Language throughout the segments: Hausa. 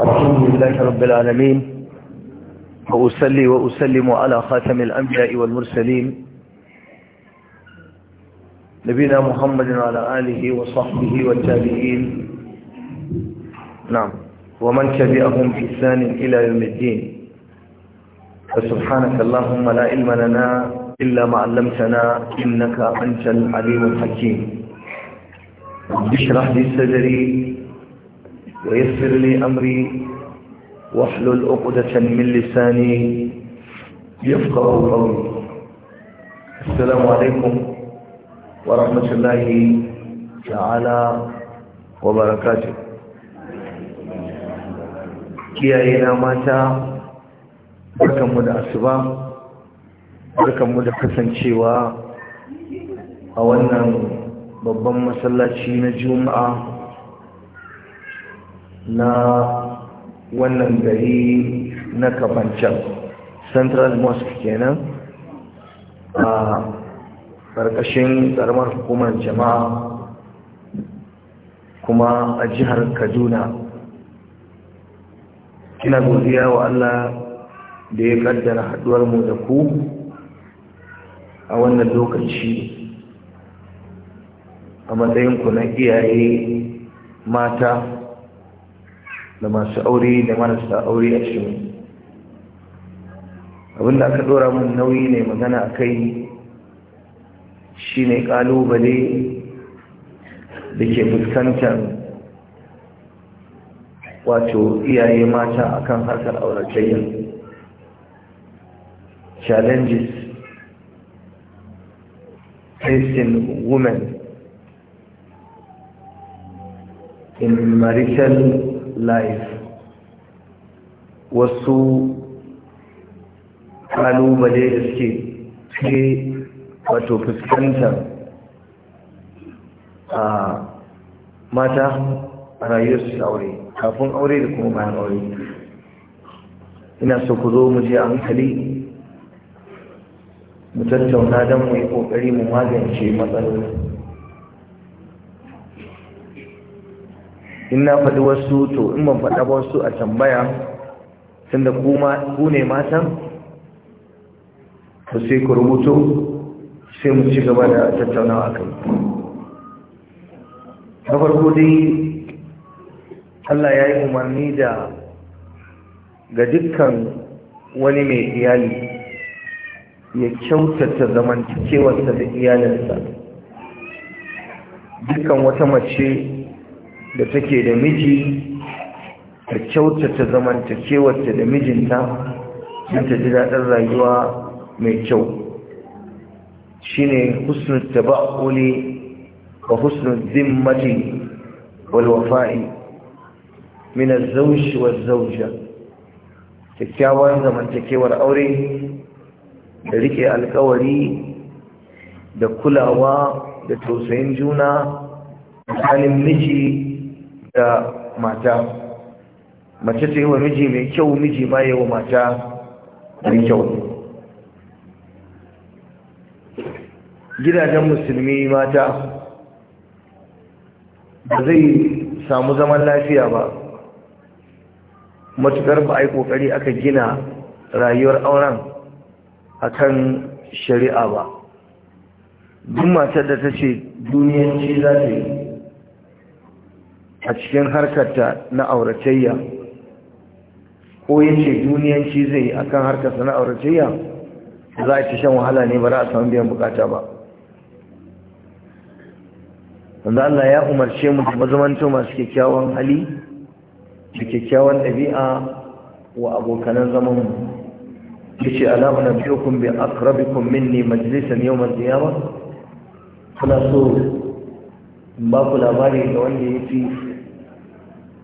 الحمد لله رب العالمين وأسلي وأسلم على خاتم الأنبياء والمرسلين نبينا محمد وعلى آله وصحبه والتابعين نعم ومن تبعهم بإحسان إلى يوم الدين فسبحانك اللهم لا علم لنا إلا ما علمتنا إنك أنت العليم الحكيم اشرح لي صدري ويسر لي أمري واحلل عقدة من لساني يفقه قولي السلام عليكم ورحمة الله تعالى وبركاته kiyayena mata barkanmu da asuba barkanmu da kasancewa a wannan babban masallaci na juma'a na wannan gari na kafancan central mosque kenan a ƙarƙashin ƙaramar hukumar jama'a kuma a jihar kaduna kina godiya wa allah da ya kaddara haduwar mu da ku a wannan lokaci a matsayinku na iyaye mata da masu aure da marasa aure a cikin abinda aka dora mun nauyi ne magana a kai shi ne kalubale da ke fuskantar wato iyaye mata akan harkar auratayya challenges facing women in marital life wasu kalubale da suke ce wato fuskantar a mata a rayuwarsu da aure kafin aure da kuma bayan aure ina so ku zo mu je a hankali mu tattauna don mu yi ƙoƙari mu magance matsalolin in na faɗi wasu to in ban faɗa ba wasu a tambaya tunda ku ne matan Ba sai ku rubuto sai mu ci gaba da tattaunawa kai na farko dai Allah ya yi umarni da ga dukkan wani mai iyali ya kyautata zamantakewarsa da iyalinsa dukkan wata mace da take da miji ta kyautata zamantakewarta da mijinta don ta ji daɗin rayuwa mai kyau shine husnul taba'uli wa husnul zimmati wal wafa'i min az wa zawja zamantakewar aure da rike alkawari da kulawa da tausayin juna tsakanin miji da mata mace ta yi wa miji mai kyau miji ma yi wa mata mai kyau gidajen musulmi mata ba zai samu zaman lafiya ba matukar ba a yi kokari aka gina rayuwar auren akan shari'a ba duk matar da ta ce duniyanci za ta yi a cikin harkarta na auratayya ko yace duniyanci zai akan harkarsa na auratayya za a ci shan wahala ne ba za a samu biyan bukata ba wanda Allah ya umarce mu da mazamanto masu kyakkyawan hali da kyakkyawan ɗabi'a wa abokanan zaman mu na biyo kun bi aqrabikum minni majlisan yawm al-qiyamah kuna so in ba ku labari da wanda ya fi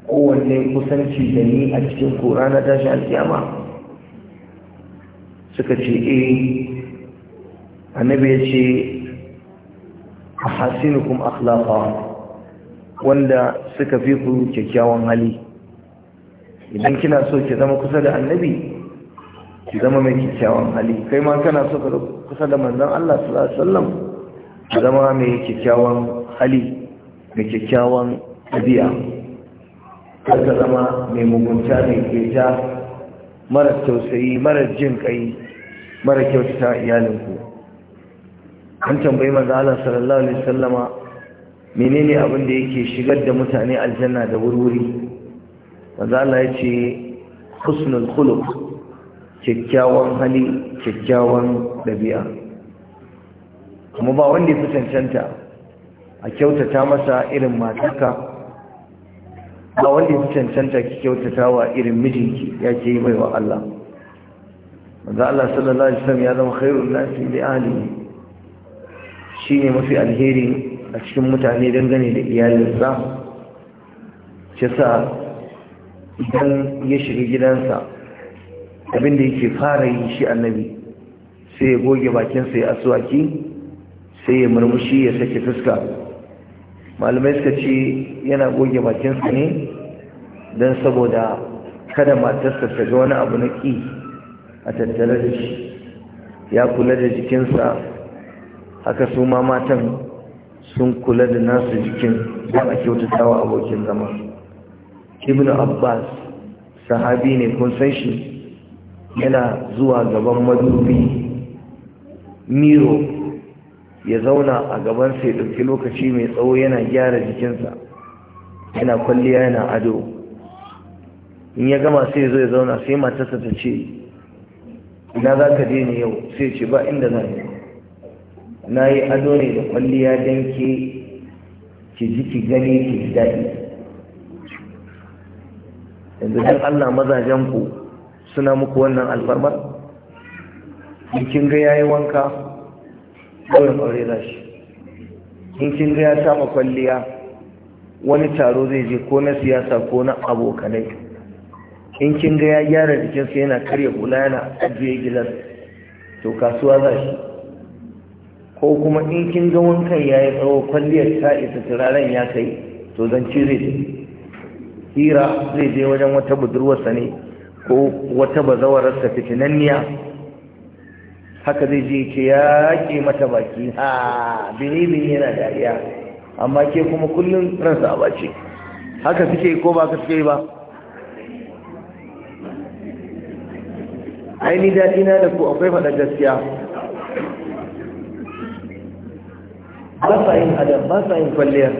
kowanne kusanci da ni a cikin kura na tashi alkiyama suka ce eh annabi ya ce a hasinukum akhlaqa wanda suka fi ku kyakkyawan hali idan kina so ki zama kusa da annabi ki zama mai kyakkyawan hali kai ma kana so ka kusa da manzon Allah sallallahu alaihi wasallam ki zama mai kyakkyawan hali mai kyakkyawan ɗabi'a kar zama mai mugunta mai ja mara tausayi mara jin kai mara kyautata iyalinku an tambayi maza Allah sallallahu alaihi wasallama menene abin da yake shigar da mutane aljanna da wurwuri Maza Allah ya ce husnul khuluq kyakkyawan hali kyakkyawan dabi'a kuma ba wanda ya fi cancanta a kyautata masa irin matarka ba wanda ya cancanta ki kyautata wa irin mijinki ya ke yi wa Allah manzo Allah sallallahu alaihi wasallam ya zama khairun nasi li Shi ne mafi alheri a cikin mutane dangane da iyalinsa Ce sa idan ya shiga gidansa abinda yake fara yi shi annabi sai ya goge bakinsa ya asuwaki sai ya murmushi ya sake fuska malamai suka ce yana goge bakinsa ne don saboda kada matarsa ta ga wani abu na ƙi a tattare da shi ya kula da jikinsa haka su ma matan sun kula da nasu jikin don a kyautatawa abokin zama ibn abbas sahabi ne kun san shi yana zuwa gaban madubi miro ya zauna a gaban sai ɗauki lokaci mai tsawo yana gyara jikinsa yana kwalliya yana ado in ya gama sai zo ya zauna sai matarsa ta ce ina za ka je ne yau sai ce ba inda za na yi ado ne da kwalliya don ke ki ji ki gani ki ji daɗi yanzu don allah mazajen ku suna muku wannan alfarmar kin ga yayi wanka ɗaurin aure za shi in kin ga ya sama kwalliya wani taro zai je ko na siyasa ko na abokanai in kin ga ya gyara jikinsa yana karya hula yana ajiye gilas to kasuwa za shi ko kuma in kin ga wankan ya yi tsawo kwalliyar ta isa turaren ya kai to zance zai je hira zai je wajen wata budurwarsa ne ko wata bazawararsa fitinanniya haka zai je ce ya ke mata baki ha bini bini yana dariya amma ke kuma kullum ransa a bace haka suke ko ba ka suke ba aini daɗi na da ku akwai faɗa gaskiya ba sa yin adam ba sa yin kwalliyar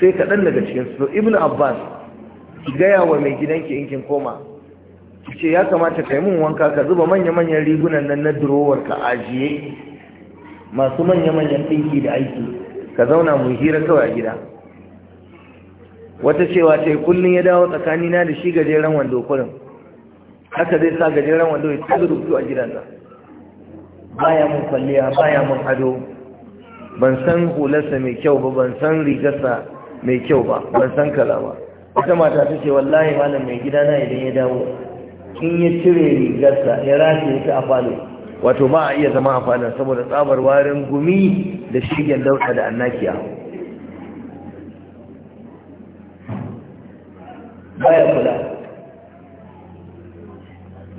sai kaɗan daga cikin su ibn abbas gaya wa mai gidanki in kin koma ce ya kamata ka yi mun wanka ka zuba manya-manyan rigunan nan na durowar ka ajiye masu manya-manyan ɗinki da aiki ka zauna mu hira kawai a gida wata cewa ta yi kullum ya dawo tsakanina da shi gajeren wando kurin haka zai sa gajeren wando ya tabi rubutu a gidan nan baya mun kwalliya baya mun ado ban san hularsa mai kyau ba ban san rigarsa mai kyau ba ban san kala ba wata mata ta ce wallahi malam mai gidana idan ya dawo in ya cire rigarsa ya rashe ta a falo wato ba a iya zama a falon saboda tsabar warin gumi da shigen dauka da annakiya baya kula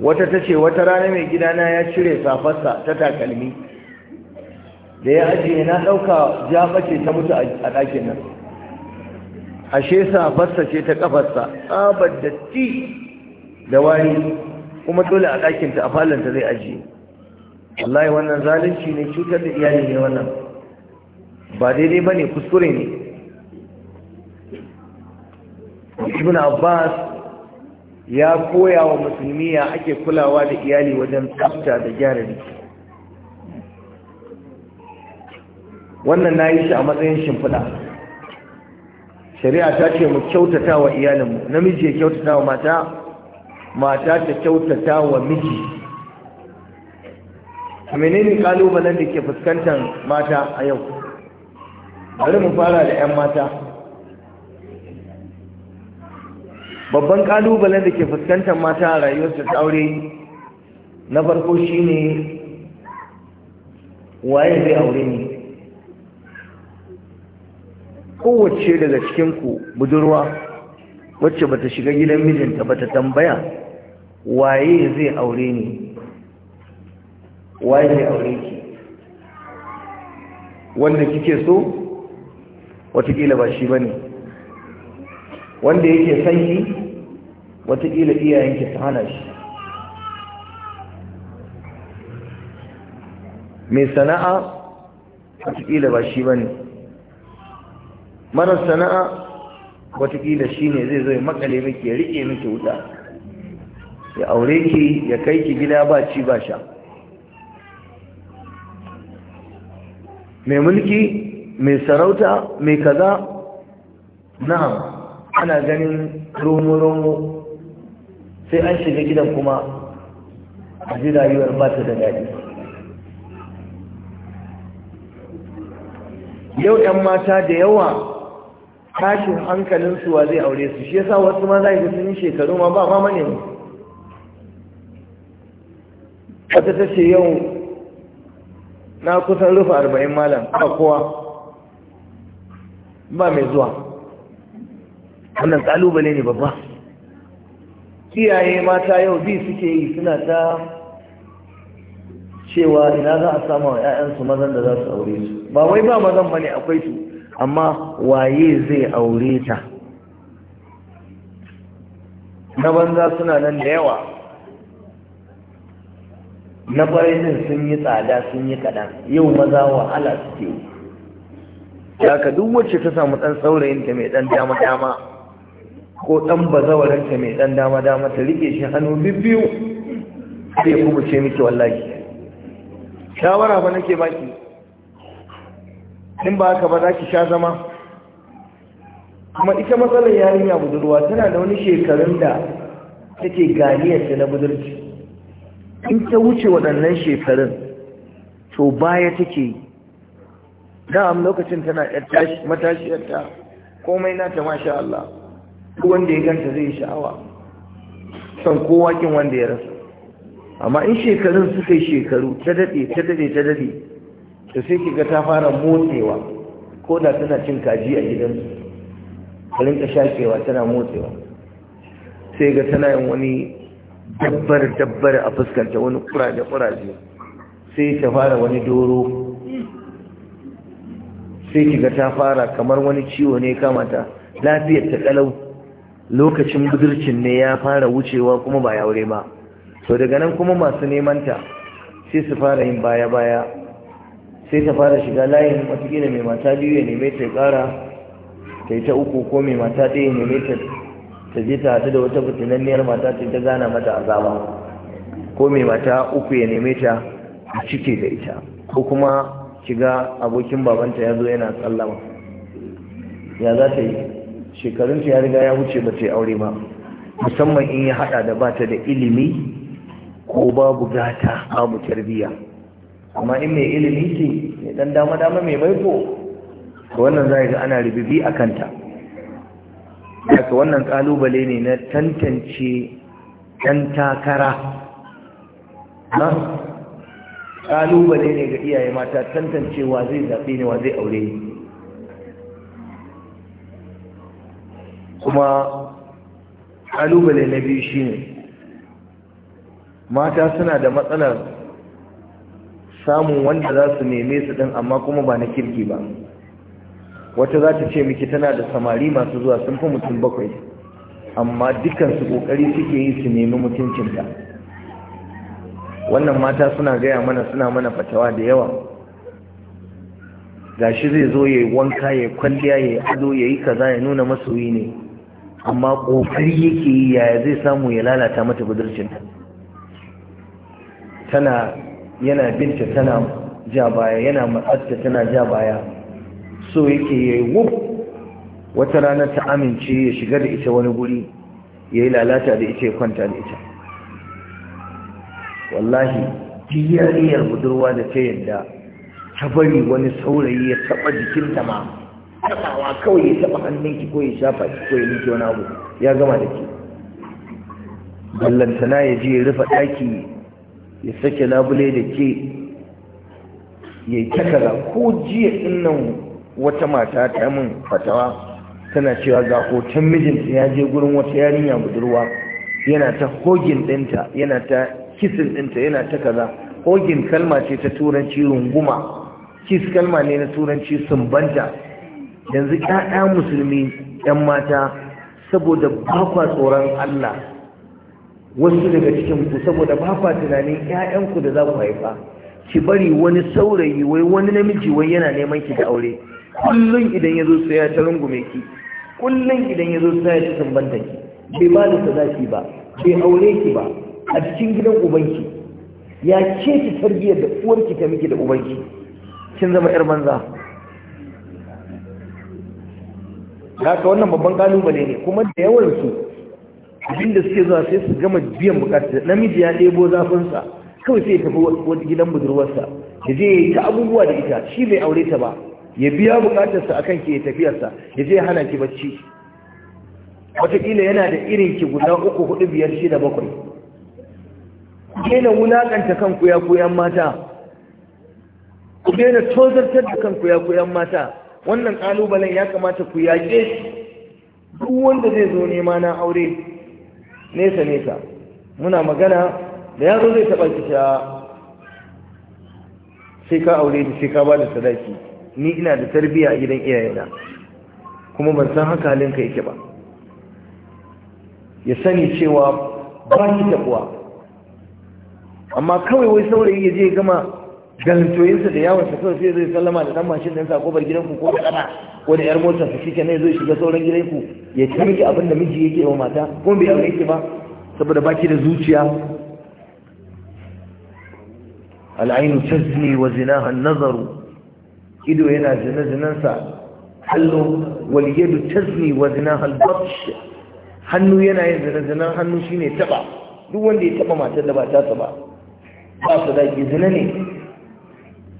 wata ta ce wata rana mai gidana ya cire safarsa ta takalmi da ya ajiye na ɗauka jafa ce ta mutu a ɗakin nan ashe safarsa ce ta ƙafarsa tsabar da ti da wani kuma dole a ɗakinta a falanta zai ajiye wallahi wannan zalunci ne cutar da iyali ne wannan ba daidai ba ne kuskure ne ibn abbas ya koya wa musulmi ya ake kulawa da iyali wajen tsafta da gyara jiki wannan na yi shi a matsayin shimfiɗa shari'a ta ce mu kyautata wa iyalinmu namiji ya kyautata wa mata mata ta kyautata wa miji menene kalubalen da ke fuskantar mata a yau bari mu fara da 'yan mata babban kalubalen da ke fuskantar mata a rayuwar ta aure na farko shine waye zai aure ni kowace daga cikinku budurwa wacce bata shiga gidan mijinta bata tambaya waye zai aure ni waye zai aure ki wanda kike so watakila ba shi bane wanda yake san ki watakila iyayenki su hana shi mai sana'a watakila ba shi bane mara sana'a watakila shi ne zai zai makale miki ya riƙe miki wuta ya aure ki ya kai ki gida ba ci ba sha mai mulki mai sarauta mai kaza na ana ganin romo-romo sai an shiga gidan kuma a ji rayuwar ba ta da daɗi yau 'yan mata da yawa tashin hankalin suwa zai aure su shi yasa wasu ma za ga sun shekaru ma ba ma manemi wata ta ce yau na kusan rufe arba'in malam ba kowa ba mai zuwa wannan kalubale ne babba iyaye mata yau bi suke yi suna ta cewa ina za a sama wa 'ya'yansu mazan da za su aure su ba wai ba mazan ba ne akwai su amma waye zai aure ta na banza suna nan da yawa na farinin sun yi tsada sun yi kaɗan yau maza wahala suke yi ka duk wacce ta samu ɗan saurayinta mai ɗan dama-dama ko ɗan bazawarinta mai ɗan dama-dama ta rike shi hannu biyu sai kuma ce miki wallahi shawara ba nake baki in ba haka ba za ki sha zama kuma ita matsalar yarinya budurwa tana da wani shekarun da take ganiyarta na budurci in ta wuce waɗannan shekarun to baya take yi da'am lokacin tana matashiyarta komai na ta masha Allah wanda ya ganta zai sha'awa son kowakin wanda ya rasa amma in shekarun suka yi shekaru ta daɗe ta daɗe ta daɗe Da sai kika ta fara motsewa ko da tana cin kaji a gidan ta rinka shakewa tana motsewa sai ga tana yin wani dabbar dabbar a fuskanta wani kuraje kuraje sai ta fara wani doro sai kika ta fara kamar wani ciwo ne kamata lafiyar ta kalau lokacin budurcin ne ya fara wucewa kuma ba yaure ba to daga nan kuma masu neman ta sai su fara yin baya baya sai ta fara shiga layin gina mai mata biyu ya neme ta kara ta yi ta uku ko mai mata ɗaya neme ta ta je ta hatu da wata fitinanniyar mata ta ta gana mata azaba ko mai mata uku ya neme ta a cike da ita ko kuma shiga abokin babanta ya zo yana tsallama ya za ta yi shekarunta ya riga ya wuce ba ta yi aure ba musamman in ya haɗa da ba ta da ilimi ko babu gata babu tarbiyya amma in mai ilimi ce mai dan dama dama mai baiko Ka wannan za a ga ana rububi a kanta haka wannan kalubale ne na tantance ɗan takara na kalubale ne ga iyaye mata tantancewa zai zaɓe ne wa zai aure kuma kalubale na biyu shine mata suna da matsalar samun wanda za su neme su ɗin amma kuma ba na kirki ba wata za ta ce miki tana da samari masu zuwa sun fi mutum bakwai amma dukansu kokari suke yi su nemi mutuncinta wannan mata suna gaya mana suna mana fatawa da yawa Ga shi zai zo ya yi wanka ya kwalliya ya yi ado ya yi kaza ya nuna masoyi ne amma kokari yake yi yaya zai samu ya lalata mata budurcinta tana yana binta tana ja baya yana matsatta tana ja baya so yake yayi wuf wata rana ta amince ya shiga da ita wani guri ya yi lalata da ita ya kwanta da ita wallahi jiyariyar budurwa da ta yadda ta bari wani saurayi ya taba jikinta ma tabawa kawai ya taba hannunki ko ya shafa ki ko ya miki wani abu ya gama da ke ballantana ya je ya rufe ɗaki ya sake labule da ke ya yi takara ko jiya innan wata mata ta min fatawa tana cewa ga hoton mijinta ya je gurin wata yarinya budurwa yana ta hogin ɗinta yana ta kisin ɗinta yana ta kaza hogin kalma ce ta turanci runguma kis kalma ne na turanci sumbanta yanzu ƴaƴa musulmi ƴan mata saboda bakwa tsoron Allah wasu daga cikin ku saboda ba fa tunanin ƴaƴanku da za ku haifa ki bari wani saurayi wai wani namiji wai yana neman ki da aure kullun idan ya zo sai ya ta rungume ki kullun idan ya zo sai ya ci sambanta ki bai ba da sadaki ba bai aure ki ba a cikin gidan ubanki ya ce ki tarbiyyar da uwarki ta miki da ubanki kin zama yar banza haka wannan babban kalubale ne kuma da yawan su da suke zuwa sai su gama biyan bukatar namiji ya ɗebo zafinsa kawai sai ya tafi wata gidan budurwarsa ya je ya yi ta abubuwa da ita shi bai aure ta ba ya biya bukatarsa kan ke tafiyarsa ya je ya hana ki bacci wataƙila yana da irin ki guda uku hudu biyar shida bakwai daina wulaƙanta kan kuya-kuyan mata ku daina tozartar da kan kuya-kuyan mata wannan ƙalubalen ya kamata ku yaƙe duk wanda zai zo nema na aure nesa nesa muna magana da yaro zai taɓa ki sha sai ka aure ni sai ka ba da sadaki ni ina da tarbiyya a gidan iyayena kuma ban san haka halin ka yake ba ya sani cewa ba ki taɓuwa amma kawai wai saurayi ya je gama galantoyinsa da yawon sa kawai sai zai sallama da dan mashin ɗinsa ko bar gidanku ko kana ko da yar motar sa shike ne zai shiga sauran gidanku ya ci miki abin da miji yake wa mata ko bai yi yake ba saboda baki da zuciya al'ainu tazni wa zinaha an-nazaru ido yana zina zinansa hallo wal yadu tazni wa zinaha al-batsh hannu yana yin zina zinan hannu shine taba duk wanda ya taba matar da ba ta ba ba su da zina ne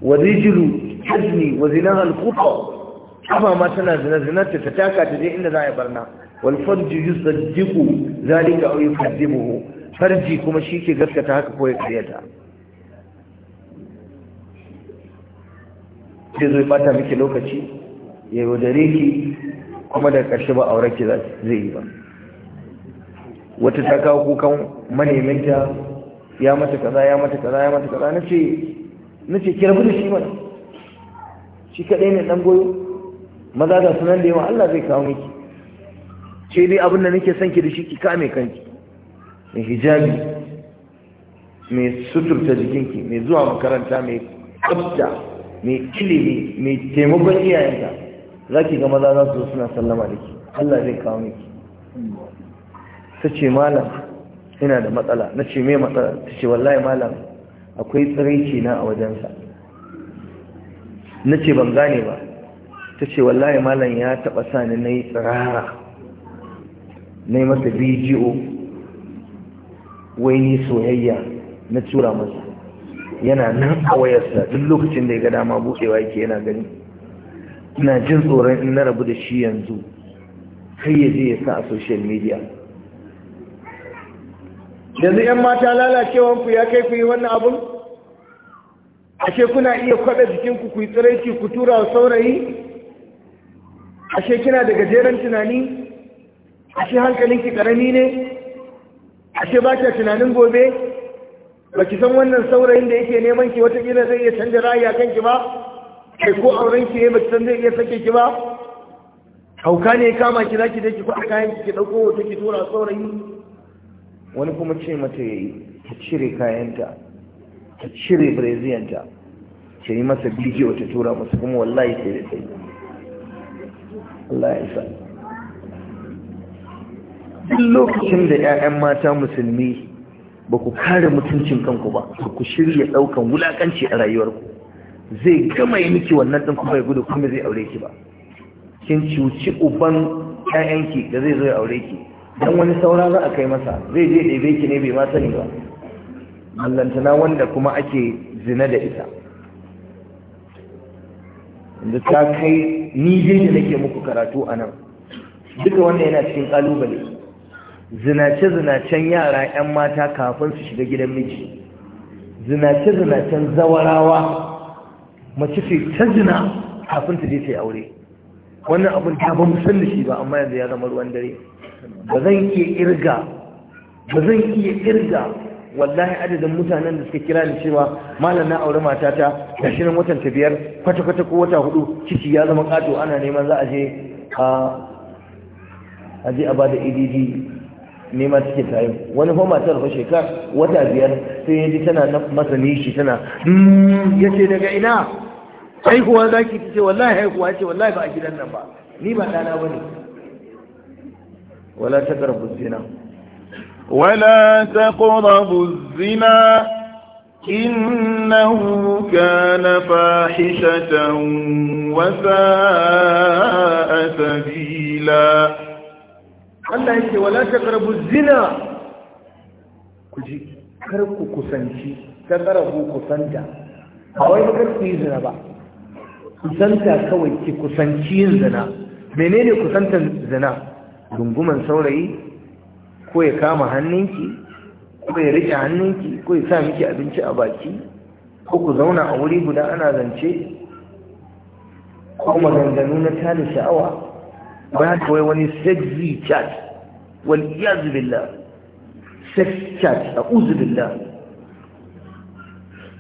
wa rijilu hajni wa zinaha al ma tana zina zina ta taka ta je inda za a yi barna wal farji yusaddiqu zalika aw yukadibuhu farji kuma shi ke gaskata haka ko ya karyata sai zai bata miki lokaci ya yaudare ki kuma da ƙarshe ba aure ki zai yi ba wata ta kawo kukan maneminta ya mata kaza ya mata kaza ya mata kaza na ce na ce kira da shi mana shi kaɗai ne ɗan goyo maza ga sunan da yawa Allah zai kawo miki ce dai abin da nake son ki da shi ki kame kanki mai hijabi mai suturta jikinki mai zuwa makaranta mai kwabta mai ilimi mai taimakon iyayenka za ki ga maza za su suna sallama da ki Allah zai kawo miki ta ce malam ina da matsala na ce mai matsala ta ce wallahi malam akwai tsiraici na a wajensa na ce ban gane ba ta ce wallahi malam ya taɓa sani ni na yi tsirara na yi masa bidiyo wai ni soyayya na tura masa yana nan a wayarsa duk lokacin da ya ga dama buɗewa yake yana gani ina jin tsoron in na rabu da shi yanzu kai ya je ya sa a social media yanzu 'yan mata ku ya kai ku yi wannan abun ashe kuna iya kwaɗa jikinku ku yi tsiraici ku tura wa saurayi ashe kina da gajeren tunani ashe hankalinki ƙarami ne ashe ba kya tunanin gobe ba ki san wannan saurayin da yake neman ki watakila zai iya canza ra'ayi a kanki ba kai ko auren ki ne ba ki san zai iya sake ki ba hauka ne kama ki za ki je ki kwaɗa kayan ki ki ɗauko hoto ki tura saurayi wani kuma ce mata ya yi ta cire kayanta ta cire breziyanta ta yi masa bidiyo ta tura masa kuma wallahi sai da sai Allah ya sa lokacin da 'ya'yan mata musulmi ba ku kare mutuncin kanku ba ku shirya ɗaukan wulakanci a rayuwarku zai gama yi miki wannan ɗin kuma ya gudu kuma zai aure ki ba kin cuci uban 'ya'yanki da zai zo ya aure ki dan wani saura za a kai masa zai je ɗebe ki ne bai ma sani ba mallantana wanda kuma ake zina da ita da ta kai ni dai da nake muku karatu a nan duka wannan yana cikin ƙalubale zinace-zinacen yara 'yan mata kafin su shiga gidan miji zinace-zinacen zawarawa mace ce ta zina kafin ta je ta aure wannan abin ta ba musan da shi ba amma yanzu ya zama ruwan dare ba zan iya irga ba zan iya irga wallahi adadin mutanen da suka kira ni cewa malam na aure matata ga shi nan watan biyar kwata kwata ko wata hudu ciki ya zama kato ana neman za a je a a je a ba da EDD neman suke tayo wani ko matar fa shekar wata biyar sai ya ji tana masa shi tana hmm, yace daga ina haihuwa za ki ce wallahi haihuwa ce wallahi ba a gidan nan ba ni ba ɗana ba ne wala ta ƙarfi zina wala ta ƙarfi zina إنه كان فاحشة وساء سبيلا الله يقول ولا تقربوا الزنا كجي كركو كسنشي تقربوا كسنجا أو يبقى في زنا بقى kusanta kawai ki kusanci yin zina menene kusantar zina Dunguman saurayi ko ya kama hannunki ko ya rike hannunki ko ya sa miki abinci a baki ko ku zauna a wuri guda ana zance ko maganganu na tada sha'awa ba kawai wani sexy chat wal iyazu billah sex chat a uzu billah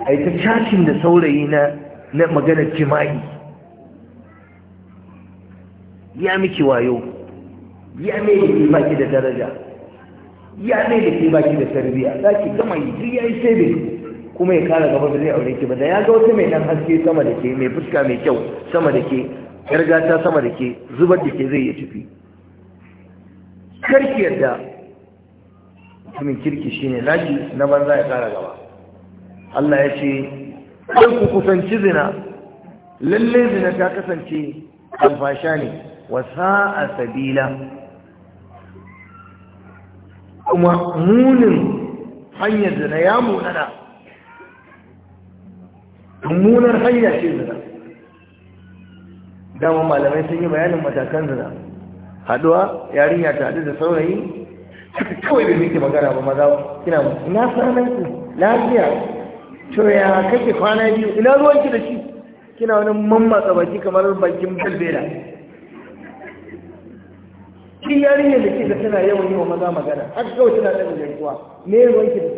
a ta chatin da saurayi na na maganar jima'i ya miki wayo ya mai da ke baki da daraja ya mai da ke baki da tarbiya za ki gama yi ya yi da kuma ya kara gaba da zai aure ki ba da ya ga wata mai dan haske sama da ke mai fuska mai kyau sama da ke gargata sama da ke zubar da ke zai ya tafi karki yadda mutumin kirki shine naki na banza ya kara gaba Allah ya ce kai ku kusanci zina lalle zina ta kasance alfasha ne wasa'a sabila kuma munin hanyar zina ya munana munar hanya ce zina dama malamai sun yi bayanin matakan zina haduwa yarinya ta haɗu da saurayi suka kawai da suke magana ba maza kina ina sanar ku lafiya coya kake kwana biyu ina ruwanki da shi kina wani mamma tsabaki kamar bakin belbera shi yarinyar da ke da tana yawan yi wa maza magana haka kawai tana da da yankuwa me ya wanke da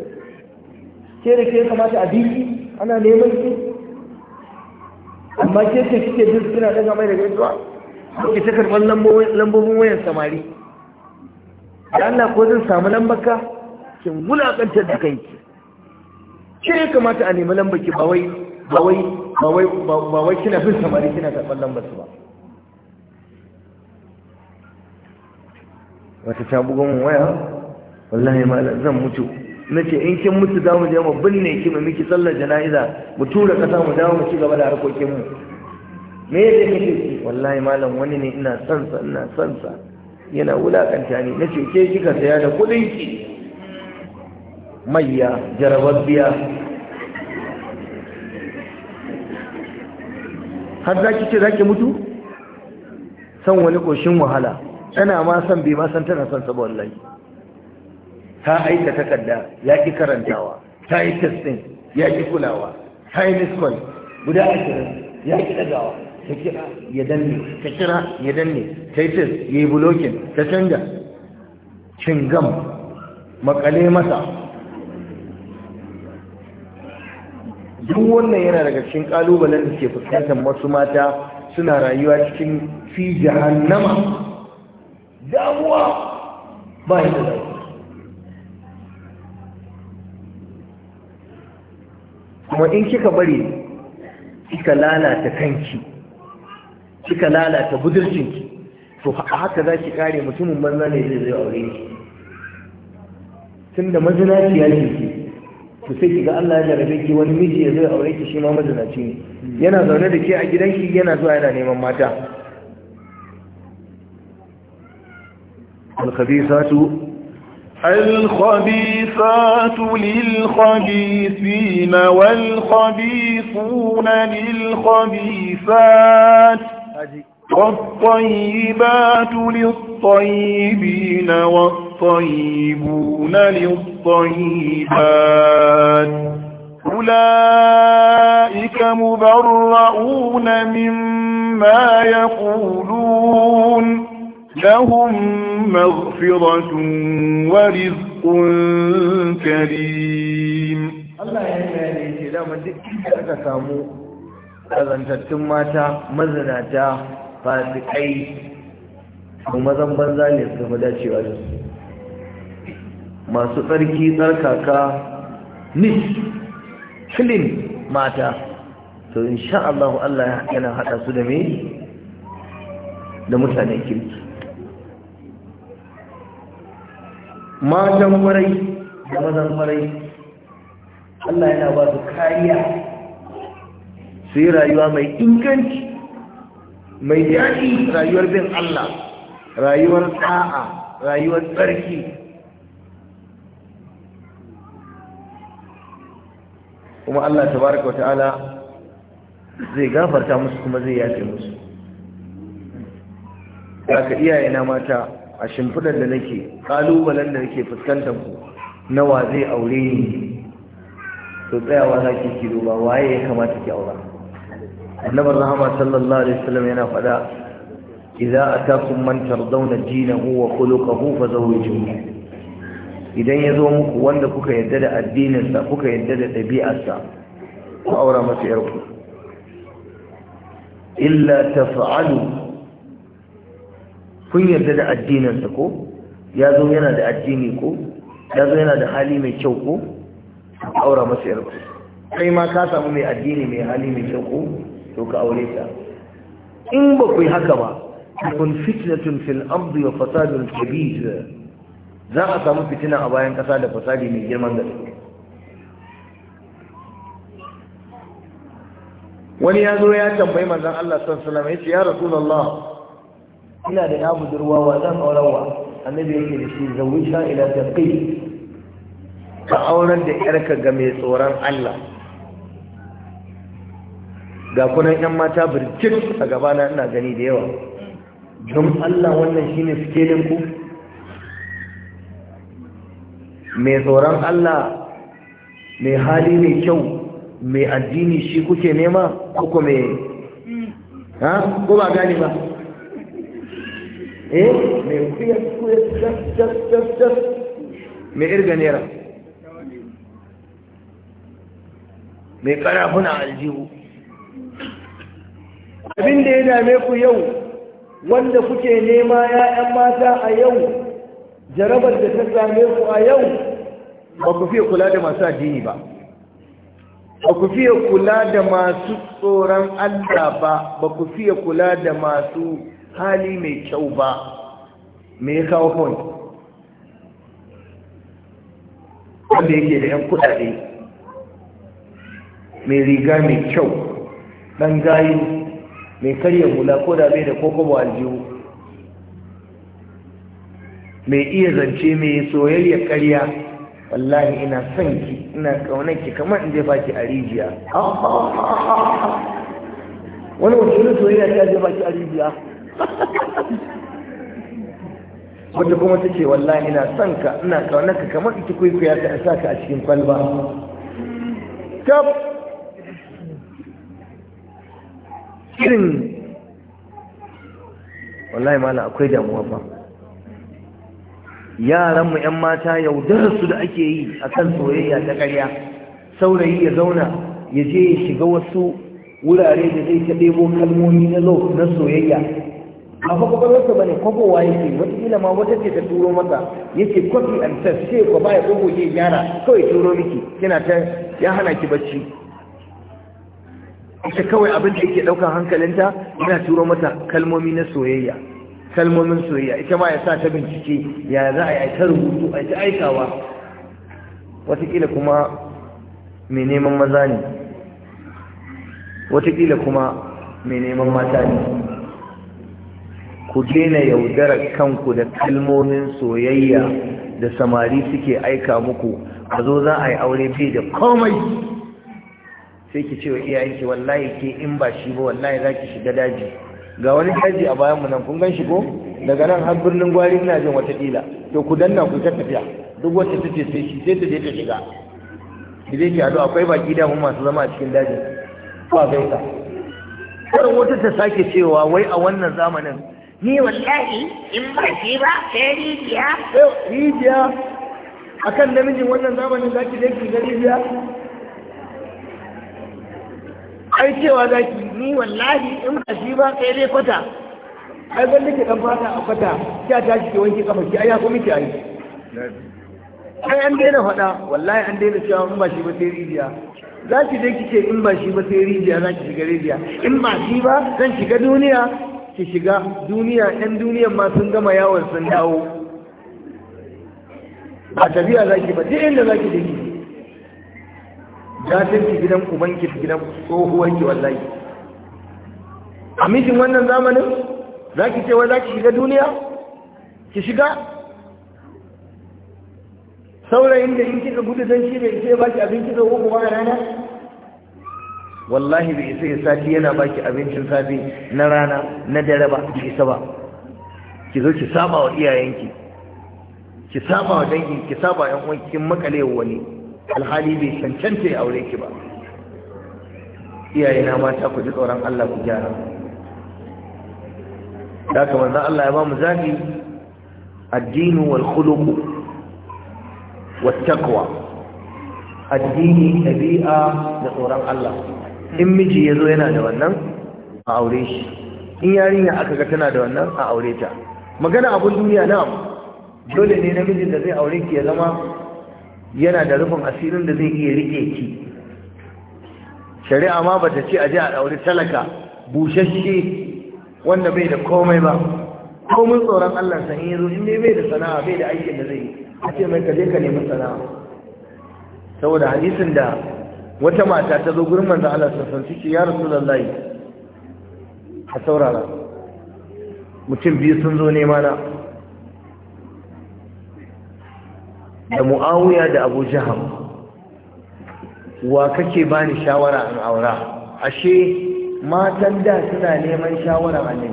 ke da ke kamata a biki ana neman ki amma ke ce kike jin suna daga mai da yankuwa ko ki ta karɓar lambobin wayan samari da Allah ko zan samu lambaka Kin wulaƙantar da kanki ke ya kamata a nemi lambaki ba wai ba wai ba wai kina bin samari kina karɓar lambar su ba wata ta buga mun waya wallahi malam zan mutu nace in kin mutu za mu je mu binne ki mu miki sallar jana'iza mu tura kasa mu dawo mu ci gaba da harkokin mu me yake miki wallahi malam wani ne ina son sa ina son sa yana wulakanta ni nace ke kika saya da kudin ki mayya jarababbiya har za ki ce za ki mutu san wani koshin wahala tana ma san bai ma san tana san sabo wallahi ta aika takarda ya ki karantawa ta yi testing ya ki kulawa ta yi miskol guda ashirin ya ki dagawa ta kira ya danne ta kira ya danne ta yi test ya yi bulokin ta canja cingam makale masa duk wannan yana daga cikin kalubalen da ke fuskantar wasu mata suna rayuwa cikin fi jahannama damuwa ba yi da kuma in kika bari kika lalata kanki kika lalata budurcinki to haka za ki kare mutumin banza ne zai zai aure ki tun da mazinaci ya ce to sai ki ga Allah ya jarabe ki wani miji ya zai aure ki shi ma mazinaci ne yana zaune da ke a gidanki yana zuwa yana neman mata الخبيثات الخبيثات للخبيثين والخبيثون للخبيثات والطيبات للطيبين والطيبون للطيبات أولئك مبرؤون مما يقولون لهم مغفرة ورزق كريم Allah ya ce dama duk inda samu ƙazantattun mata mazinata fasikai to mazan banza ne su fi dacewa da su masu tsarki tsarkaka nis clean mata to insha Allah ya yana haɗa su da me da mutane kirki matan kwarai da mazan kwarai Allah yana ba su kariya su yi rayuwa mai inganci mai daɗi rayuwar bin Allah rayuwar ta'a rayuwar tsarki kuma Allah tabaraka wata'ala zai gafarta musu kuma zai yafe musu ka iyayena na mata a shimfidar da nake kalubalen da nake fuskantar ku nawa zai aure ni to tsayawa za ki kiro ba waye ya kamata ki aura annabar rahama sallallahu alaihi wasallam yana faɗa idza atakum man tardawna dinahu wa khuluquhu fazawwijuhu idan ya zo muku wanda kuka yadda da addininsa kuka yadda da ɗabi'arsa ku aura masa yarku illa taf'alu kun yarda da addininsa ko ya zo yana da addini ko ya zo yana da hali mai kyau ko ka aura masa yarku kai ma ka samu mai addini mai hali mai kyau ko to ka aure ta in ba ku yi haka ba kun fitnatun fil ardi wa fasadun kabir za a samu fitina a bayan kasa da fasadi mai girman da wani ya zo ya tambayi manzon Allah sallallahu alaihi wasallam ya ce ya rasulullah ina da ya budurwa wa zan aurarwa annabi yake da shi zawisha ila taqi ka auren da yarka ga mai tsoron Allah ga kuna yan mata birkin a gabana ina gani da yawa don Allah wannan shine sikelin ku mai tsoron Allah mai hali mai kyau mai addini shi kuke nema ko mai mm. ha ko ba gani ba eh mai kuyar kuyar tas tas tas tas mai irga naira mai karafuna aljihu abin da ya dame ku yau wanda kuke nema ya'yan mata a yau jarabar da ta same ku a yau ba ku fiye kula da masu addini ba ba ku fiye kula da masu tsoron allah ba ba ku fiye kula da masu hali mai kyau ba me ya kawo kawai wanda yake da 'yan kudade mai riga mai kyau ɗan gayi mai karya hula ko da mai da kokobo aljihu mai iya zance mai soyayyar karya wallahi ina son ki ina ki, kamar in jefa ki a rijiya wani wajen soyayya ta jefa ki a rijiya wata kuma ta ce wallahi ina son ka ina ka kamar ita kwaikwaya ta sa ka a cikin kwalba Kirin. irin wallahi mana akwai damuwa fa yaranmu 'yan mata yaudararsu da ake yi a kan soyayya ta ƙarya saurayi ya zauna ya je ya shiga wasu wurare da zai ta ɗebo kalmomi na soyayya ba fa kwakwalwarsa bane kwakowa yake wataƙila ma wata ce ta turo masa yake kwafi an ta, sai ko baya kwago ya gyara kawai turo miki kina ta ya hana ki bacci ita kawai abin da yake ɗaukar hankalinta yana turo mata kalmomi na soyayya kalmomin soyayya ita ma ya sa ta bincike ya za a yi ta rubutu a ta aikawa Wataƙila kuma mai neman maza ne Wataƙila kuma mai neman mata ne ku daina yaudarar kanku da kalmomin soyayya da samari suke aika muku a zo za a yi aure bai da komai sai ki ce wa iyayenki wallahi ke in ba shi ba wallahi za ki shiga daji ga wani daji a bayan mu nan kun gan shi ko daga nan har birnin gwari ina jin wata kila to ku danna ku ta tafiya duk wacce ta ce sai shi sai ta je ta shiga ki je ki ado akwai baki da mu masu zama a cikin daji ba gaisa kar wata ta sake cewa wai a wannan zamanin ni wallahi in ba shi ba sai rijiya eh, rijiya a kan namijin wannan zamanin za ki ki ga rijiya ai cewa za ki ni wallahi in ba shi ba sai dai kwata ai ban nake dan fata a kwata kya ta shi ke wanke kafa ki ai ya kuma ki ai ai an daina faɗa wallahi an daina cewa in ba shi ba sai rijiya za ki je ki ce in ba shi ba sai rijiya za ki shiga rijiya in ba shi ba zan shiga duniya ki shiga duniya ɗan duniyan ma sun gama yawon sun dawo a tafiya za ki ba duk inda za ki da gatan ki gidan ubanki gidan tsohuwarki wallahi a mijin wannan zamanin za ki ce za ki shiga duniya ki shiga saurayin da in kika gudu don shi ne ce ba ki abinci da uku ba a rana wallahi bai isa ya sati yana baki abincin safe na rana na dare ba ki isa ba ki zo ki saba wa iyayenki ki saba wa dangin, ki saba yan uwan kin makale wani alhali bai cancanta ya aure ki ba iyayena mata ku ji tsoron Allah ku gyara da kamar manzon Allah ya ba mu zabi addinu wal khuluqu wat taqwa addini tabi'a da tsoron Allah in miji ya zo yana da wannan a aure shi in yarinya aka ga tana da wannan a aure ta magana abun duniya na dole ne namijin da zai aure ki ya zama yana da rufin asirin da zai iya rike ki shari'a ma bata ce a je a aure talaka bushashe wanda bai da komai ba komai tsoron Allah san in zo inda bai da sana'a bai da aikin da zai yi a ce mai kaje ka nemi sana'a saboda hadisin da wata mata ta zo gurin manzo Allah sallallahu alaihi wasallam ya rasulullahi a saurara mutum biyu sun zo ne mana da mu'awiya da abu jaham wa kake bani shawara an aura ashe matan da suna neman shawara a ne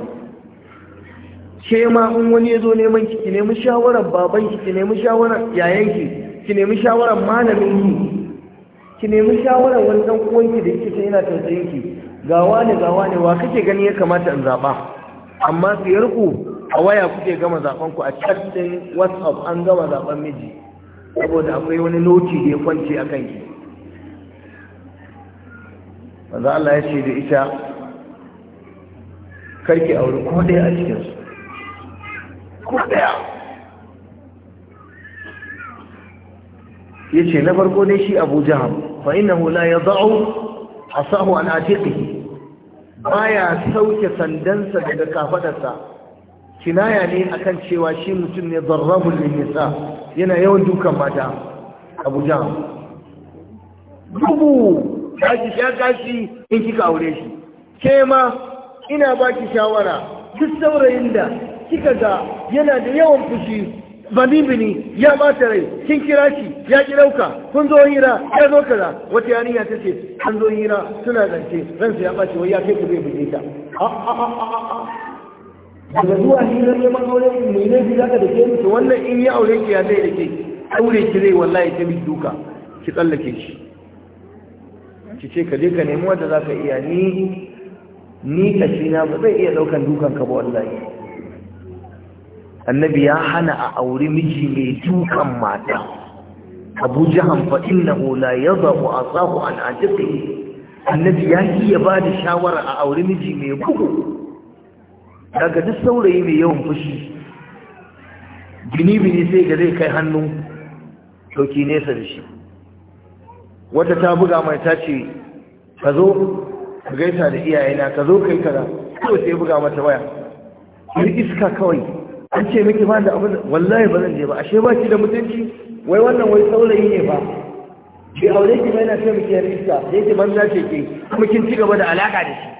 ke ma in wani ya zo neman ki ki nemi shawarar babanki ki nemi shawarar yayanki ki nemi shawarar malamin ki ki nemi shawarar wani dan uwanki da yake yana tausayin ki ga wani ga wani wa kake gani ya kamata in zaba amma siyar ku a waya kuke gama zaben ku a chat din WhatsApp an gama zaben miji saboda akwai wani noti da ya kwance akan ki manzo Allah ya ce da ita karki aure ko ɗaya a cikin su ko yace na farko dai shi Abu Jahl fa innahu la yad'u asahu an Ba baya sauke sandansa daga kafadarsa kinaya ne akan cewa shi mutum ne darrabul nisa yana yawan dukan mata Abu Jahl dubu kashi in kika aure shi ke ma ina baki shawara duk saurayin da kika ga yana da yawan fushi bamibini ya bata rai kin kira shi ya ki dauka kun zo hira ya zo kaza wata yarinya ta ce an zo hira suna zance ransa ya bace wai ya kai ku zai buge ta daga zuwa hirar neman aure mai laifi za ka da ke mutu wannan in ya aure ki ya zai da ke aure ki zai wallahi ta bi duka ki tsallake shi ki ce ka je ka nemi wanda za ka iya ni ni kashi na ba zai iya daukan dukan ka ba wallahi annabi ya hana a auri miji mai dukan mata abu jahan fa innahu la yadhu asahu an ajibi annabi ya iya ba da shawara a auri miji mai bugu daga duk saurayi mai yawan fushi bini-bini sai ga zai kai hannu ki nesa da shi wata ta buga mai ta ce ka zo ka gaisa da iyayena ka zo kai kaza kawai sai buga mata waya yi iska kawai an ce miki ba da abin wallahi ba zan je ba ashe ba ki da mutunci wai wannan wai saurayi ne ba bai aure ki bai na ce miki yar iska da yake banza ce ke kuma kin ci gaba da alaka da shi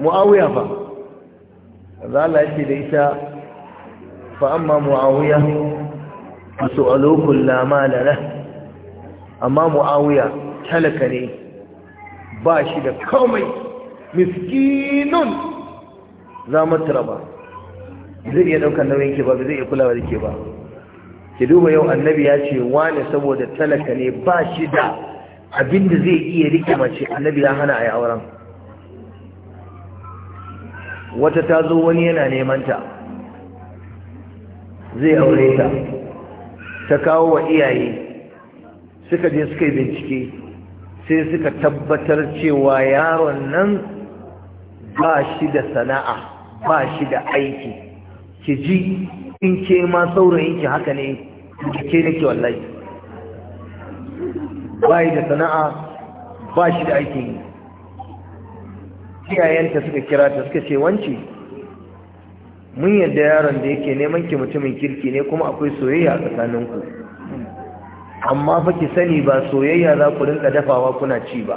muawiya fa za Allah yake da ita fa amma muawiya fasu'alu kullu ma lana amma muawiya talaka ne ba shi da komai miskinun za matura ba zai iya ɗaukar nauyin ke ba zai iya kulawa da ke ba ki duba yau annabi ya ce wane saboda talaka ne ba shi da abinda zai iya rike mace annabi ya hana a yi auren wata ta zo wani yana nemanta zai aure ta ta kawo wa iyaye suka je suka yi bincike sai suka tabbatar cewa yaron nan ba shi da sana'a ba shi da aiki ki ji in ke ma ki haka ne da ke nake wallahi ba shi da sana'a ba shi da aikin Kiyayenta suka kira ta suka ce wance mun yadda yaron da yake neman ki mutumin kirki ne kuma akwai soyayya a tsakaninku amma fa ki sani ba soyayya za ku rinka dafawa kuna ci ba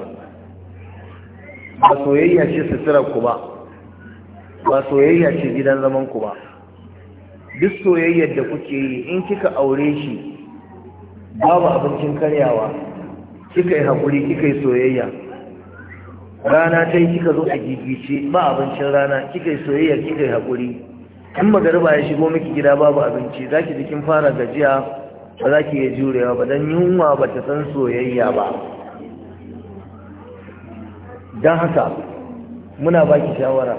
ba soyayya ce suturar ba ba soyayya ce gidan zaman ku ba duk soyayyar da kuke yi in kika aure shi babu abincin karyawa kika yi haƙuri kika yi soyayya rana ta yi kika zo a gigice ba abincin rana kika yi soyayya kika yi haƙuri in magariba ya shigo miki gida babu abinci za ki jikin fara gajiya ba za ki iya jurewa ba don yunwa ba ta san soyayya ba don haka muna baki shawara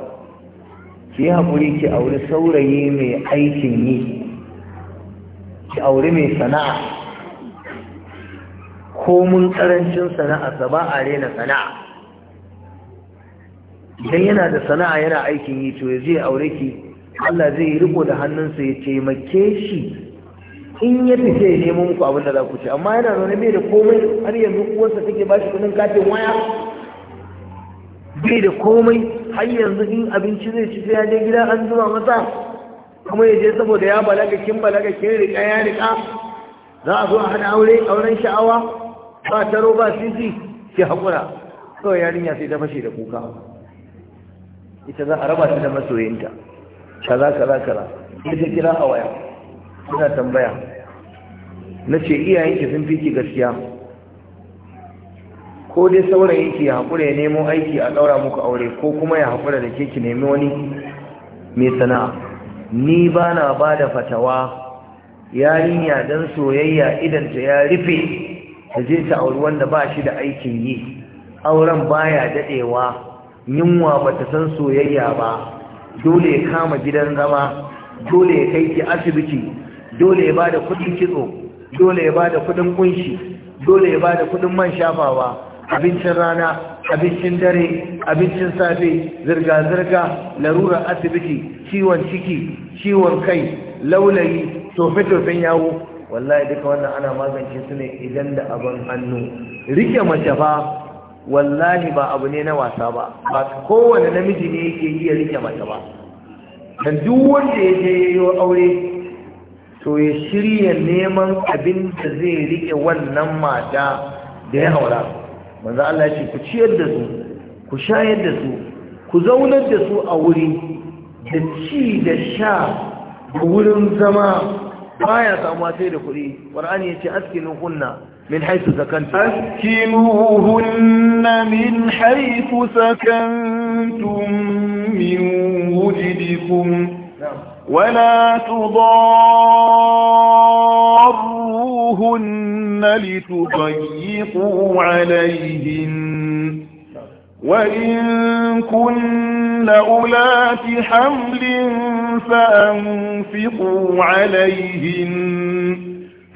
ki yi haƙuri ki auri saurayi mai aikin yi ki auri mai sana'a komun ƙarancin sana'a ba a rena sana'a idan yana da sana'a yana aikin yi to ya zai aure ki Allah zai yi riko da hannunsa ya taimake shi in ya fice ya nemo muku abin da za ku ci amma yana zaune mai da komai har yanzu kuwarsa take ba shi kudin katin waya bai da komai har yanzu in abinci zai ci sai ya je gida an zuba masa kuma ya je saboda ya balaga kin balaga kin riƙa ya riƙa za a zo a hana aure auren sha'awa ba taro ba sisi ki haƙura kawai yarinya sai ta fashe da kuka ita za a raba ta da masoyinta kaza kaza kaza sai ta kira a waya ina tambaya na ce iyayenki sun fi ki gaskiya ko dai saurayi ki haƙura ya nemo aiki a ɗaura muku aure ko kuma ya haƙura da ke ki nemi wani mai sana'a ni ba na ba da fatawa yarinya don soyayya ta ya rufe ta je ta auri wanda ba shi da aikin yi auren baya daɗewa yunwa ba ta san soyayya ba dole ya kama gidan zama dole ya kai ki asibiti dole ya ba da kuɗin kitso dole ya ba da kuɗin kunshi dole ya ba da kuɗin man shafawa abincin rana abincin dare abincin safe zirga-zirga larura asibiti ciwon ciki ciwon kai laulayi tofe-tofen yawo wallahi duka wannan ana magance su ne idan da abin hannu rike mace fa wallahi ba abu ne na wasa ba ba kowane namiji ne yake iya rike mace ba dan duk wanda ya je yayo aure to ya shirya neman abin da zai rike wannan mata da ya haura manzo Allah ce ku ciyar da su ku shayar da su ku zaunar da su a wuri da ci da sha da wurin zama baya samuwa sai da kuɗi ya ce askinu kunna min haythu sakantum askinuhunna min haythu sakantum min wujidikum ولا تضار فَاتَّقُوهُنَّ لِتُضَيِّقُوا عَلَيْهِنَّ وَإِن كُنَّ أُولَاتِ حَمْلٍ فَأَنفِقُوا عَلَيْهِنَّ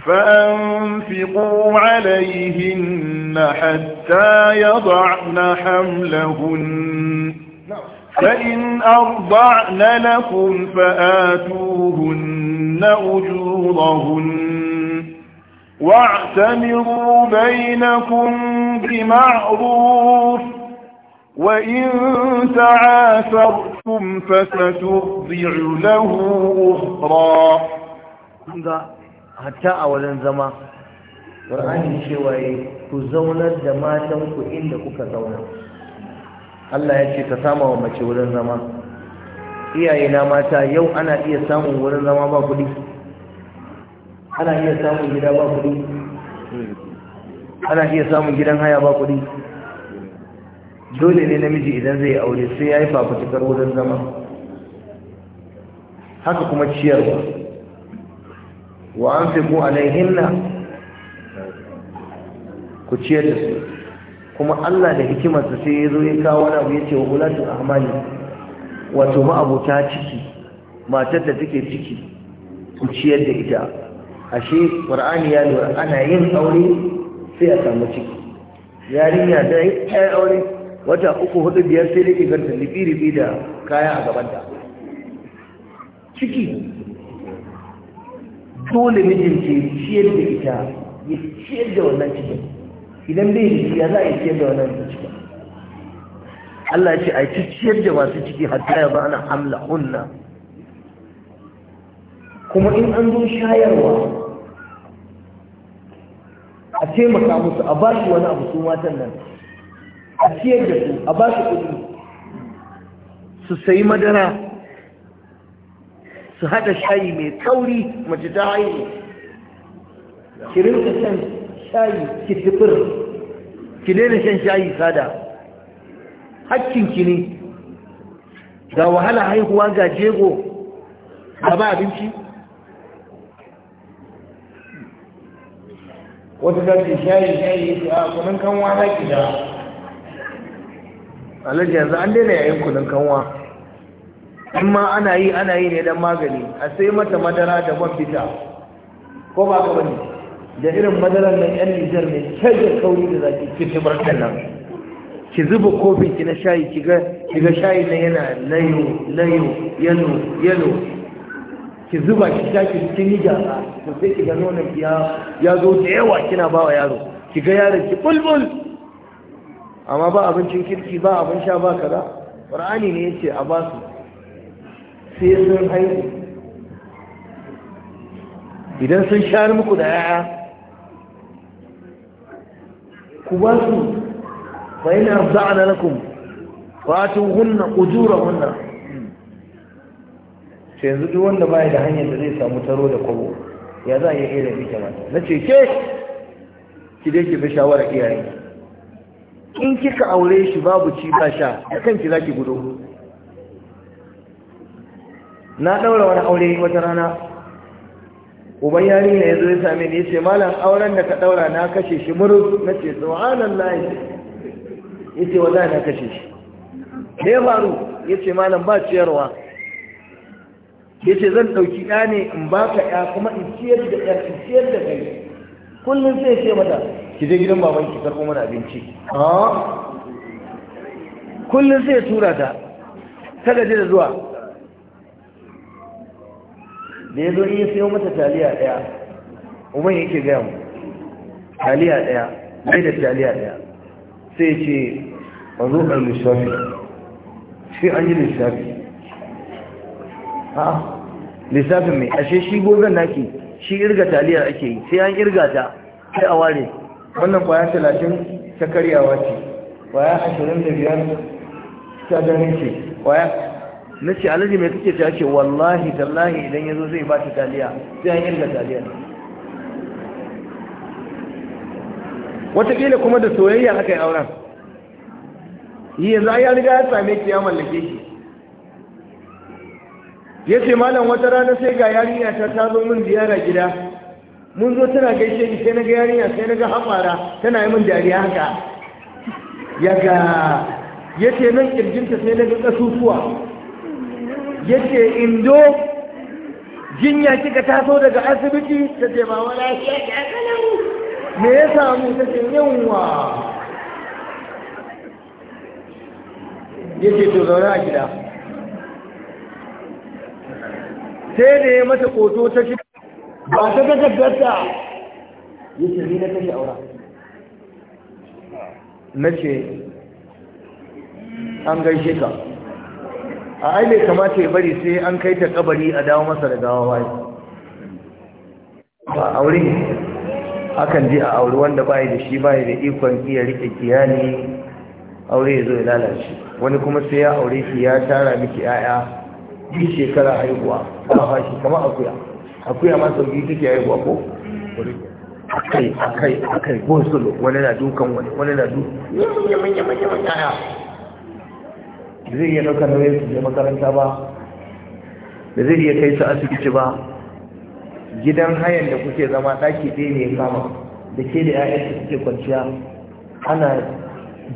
فأنفقوا عليهن حتى يضعن حملهن فإن أرضعن لكم فآتوهن أجورهن واعتمروا بينكم بمعروف وإن تعاثرتم فستخضع له أخرى حتى أولا زمان قرآن الشيوائي تزونا دماتاً وإنك كزونا الله يجي تسامى وما ولا زمان إيه إنا ماتا يو أنا إيه سامو ولا زمان ما ana iya samun gida ba kudi ana iya samun gidan haya ba kuɗi dole ne namiji idan zai aure sai ya yi fafutukar wurin zama haka kuma ciyarwa wa an fi alaihinna ku ciyar da su kuma Allah da hikimarsa sai ya zo ya kawo wani abu ya ce wa hulatu ahmali wato ma'abuta ciki matar da take ciki ku ciyar da ita ashe qur'ani ya lura ana yin aure sai a samu ciki yarinya da ɗaya aure wata uku hudu biyar sai dai ganta libi-libi da kayan a gabanta ciki dole mijinci ciyar da ita ya ciyar da wannan cikin idan bai yi ya za a yi ciyar da wannan cikin Allah ce a ci ciyar da masu ciki hatta ya ba ana hamla hunna kuma in an zo shayarwa a taimaka musu a ba shi wani abu su matan nan a ciyar da su a ba shi kuɗi su sayi madara su haɗa shayi mai tsauri mace ta haihu ki rinka shan shayi ki tufir ki daina shan shayi sada hakkinki ne ga wahala haihuwa ga jego ga ba abinci wata ta ce shayi shayi ce a ah, kunun kanwa na ki da alhaji yanzu an daina yayin kunun kanwa in ma ana yi ana yi ne don magani a sai mata madara da man fita ko ba ka bane da irin madaran nan yan nijar ne kyau kauri da zaki ki ci barkan nan ki zuba kofin ki na shayi ki ga shayi na yana layo layo yalo yalo ki zuba shi taki cikin nija gasa to sai ki ga nonon ki ya zo da yawa kina ba wa yaro ki ga yaron ki bulbul amma ba abincin kirki ba abin sha ba kaza qur'ani ne yace a basu sai sun haihu idan sun shar muku da yaya ku ba su fa ina za'ana lakum fatuhunna ujurahunna sai yanzu duk wanda baya da hanyar da zai samu taro da kwabo ya za a yi irin ita mata na ce ke ki dai ki bi shawara iyaye in kika aure shi babu ci ba sha da kanki za ki gudu na ɗaura wani aure wata rana uban yarinya ya zo ya same ni ya ce malam auren da ka ɗaura na kashe shi murus na ce layi ya ce wa za na kashe shi ne faru ya ce malam ba ciyarwa ya ce zan ɗauki ɗa ne in ba ka ɗa kuma in ciyar da ɗa in ciyar da kai kullum sai ce mata ki je gidan baban ki karɓo mana abinci ah? kullum sai tura ta ta gaji da zuwa da ya zo iya sayo mata taliya ɗaya umar yake gaya mu taliya ɗaya mai da taliya ɗaya sai ce mazo ɗan lissafi sai an yi lissafi ha lissafin mai ashe shi gogon naki shi irga taliyar ake yi sai an irga ta sai a ware wannan kwaya talatin ta karyawa ce kwaya ashirin da biyar ta ganin ce kwaya na ce alaji mai kake ta ce wallahi tallahi idan ya zo zai ba ta taliya sai an irga taliyar Wataƙila kuma da soyayya aka yi auren yi yanzu ya riga ya same ki ya mallake shi ya ce malam wata rana sai ga yarinya ta ta zo min ziyara gida mun zo tana gaishe ni sai na ga yarinya sai na ga hamara tana yi min dariya haka ya ga ya ce nan kirjinta sai na ga ƙasusuwa ya ce indo jinya kika taso daga asibiti ta ce ba wala ya me ya samu ta ce yawwa ya ce to zaune a gida sai da ya mata koto ta shi ba ta gaggarta? ya ce ni na kashe aura na ce an gaishe ka a aile bai kamata ya bari sai an kai ta kabari a dawo masa da gawawa ba aure ne akan ji a aure wanda bayi da shi bayi da ikon iya rike kiyani aure ya zo ya lalace wani kuma sai ya aure shi ya tara miki 'ya'ya duk shekara haihuwa ba fashi kamar akuya akuya ma sauki take haihuwa ko akai akai akai ko solo wani na dukan wani wani na du yaman zai iya daukar nauyin su je makaranta ba da zai iya kai su asibiti ba gidan hayan da kuke zama daki ɗaya ne kama da ke da 'ya'yan da kuke kwanciya ana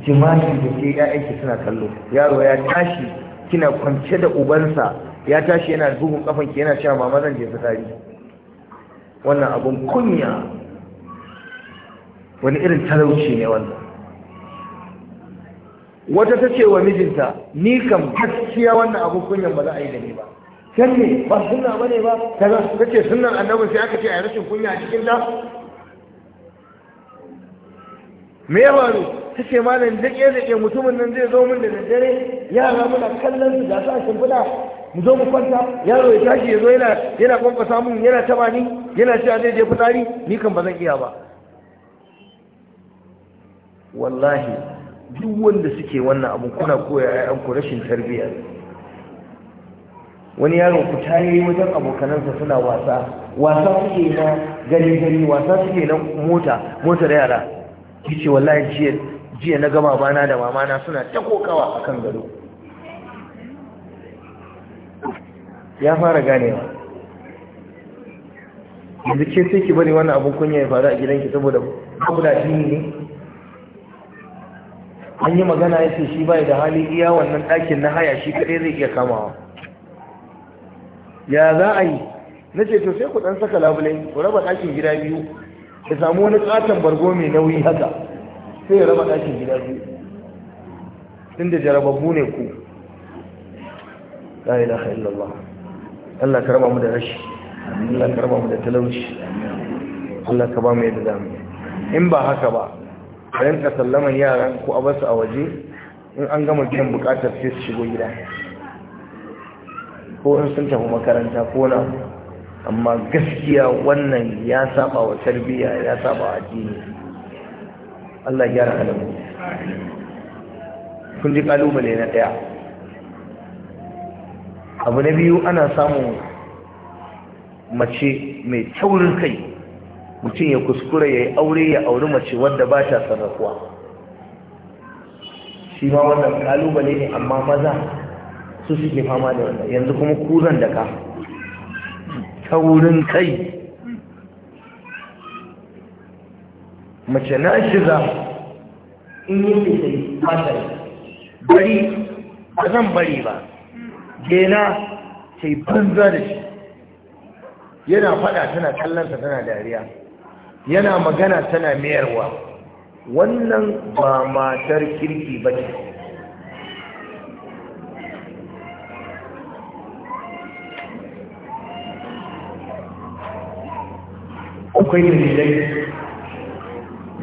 jima'i da ke 'ya'yan suna kallo yaro ya tashi kina kwance da ubansa ya tashi yana duhun kafan ki yana cewa mama zan je fitari wannan abun kunya wani irin talauci ne wannan wata ta ce wa mijinta ni kam gaskiya wannan abun kunyan ba za a yi da ni ba kan ne ba sunna ba ne ba kaza ta ce sunnan annabin sai aka ce a rashin kunya a cikin da me ya faru ta ce malam da ke mutumin nan zai zo min da daddare yara muna kallon da sa shimfiɗa mu zo mu kwanta yaro ya tashi ya zo yana yana kwankwasa mun yana taba ni yana cewa zai je fitari ni kan ba zan iya ba wallahi duk wanda suke wannan abu kuna koya ƴaƴan ku rashin tarbiyya wani yaro ku tayi wajen abokanansa suna wasa wasa suke na gani gani wasa suke na mota motar yara kici wallahi jiya jiya na gama bana da mamana suna ta kokawa a kan gado ya fara ganewa yanzu ke sai ki bari wannan abin kunya ya faru a gidanki saboda babu da ne an yi magana ya ce shi bai da hali iya wannan ɗakin na haya shi kaɗai zai iya kamawa ya za a yi na ce to sai ku ɗan saka labulai ku raba ɗakin gida biyu ya samu wani ƙaton bargo mai nauyi haka sai ya raba ɗakin gida biyu tun da jarababbu ne ku la ilaha illallah Allah ka raba mu da rashi Allah ka raba mu da talauci Allah ka ba mu yadda zamu in ba haka ba bayan ka sallaman yaran ku a basu a waje in an gama biyan bukatar sai su shigo gida ko in sun tafi makaranta ko na amma gaskiya wannan ya saba wa tarbiyya ya saba wa addini Allah ya gyara halin kun ji kalubale na ɗaya. abu na biyu ana samun mace mai taurin kai mutum ya kuskure ya yi aure ya auri mace wadda ba ta sarrafuwa shi ma wannan kalubale ne amma maza su suke fama da wannan yanzu kuma kuzan da ka taurin kai mace na shiga in yi fitari matar bari ba zan bari ba gena sai banza da shi yana fada tana kallonsa tana dariya yana magana tana mayarwa wannan ba matar kirki ba ce akwai dalilai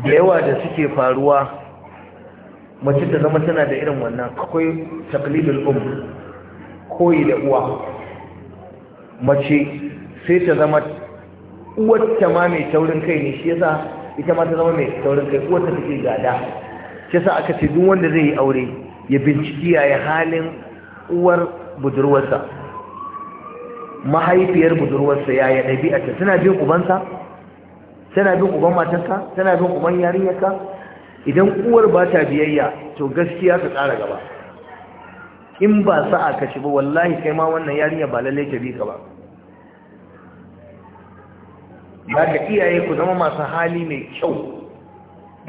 da yawa da suke faruwa mace ta zama tana da irin wannan akwai taklidul um koyi da uwa mace sai ta zama uwarta ma mai taurin kai ne shi yasa ita ma ta zama mai taurin kai uwarta take gada shi yasa aka ce duk wanda zai yi aure ya binciki yayi halin uwar budurwarsa mahaifiyar budurwarsa yaya ɗabi'arta tana jin ubansa tana bin uban matanka? tana bin uban yarinyarka idan uwar ba ta biyayya to gaskiya ka tsara gaba in ba sa'a ka ci ba wallahi kai ma wannan yarinya ba lalle ta bi ka ba ba ka iyaye ku zama masu hali mai kyau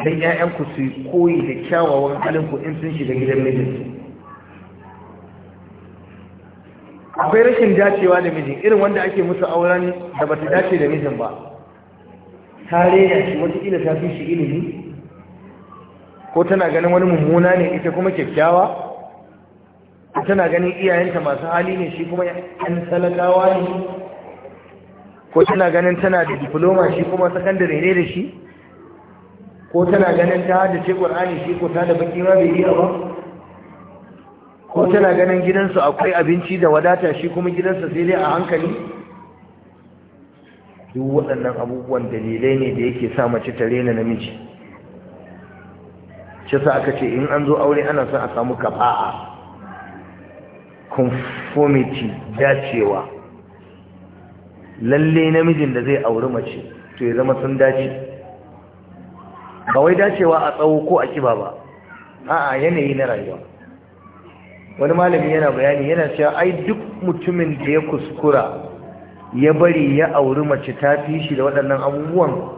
don 'ya'yanku su koyi da kyawawan halinku in sun shiga gidan mijinsu akwai rashin dacewa da mijin irin wanda ake musu auren da ba ta dace da mijin ba ta rena shi watakila ta fi shi ilimi ko tana ganin wani mummuna ne ita kuma kyakkyawa tana ganin iyayenta masu hali ne shi kuma yan talagawa ne ko tana ganin tana da diploma shi kuma sakandare ne da shi ko tana ganin ta da ce ƙwar'ani shi ko ta da baki ma bai yi ba ko tana ganin gidansu akwai abinci da wadata shi kuma gidansa sai dai a hankali duk waɗannan abubuwan dalilai ne da yake sa mace ta rena namiji shi sa aka ce in an zo aure ana son a samu kafa'a conformity dacewa lalle namijin da zai auri mace to ya zama sun dace ba wai dacewa a tsawo ko a kiba ba a'a yanayi na rayuwa wani malami yana bayani yana cewa ai duk mutumin da ya kuskura ya bari ya auri mace ta fi shi da waɗannan abubuwan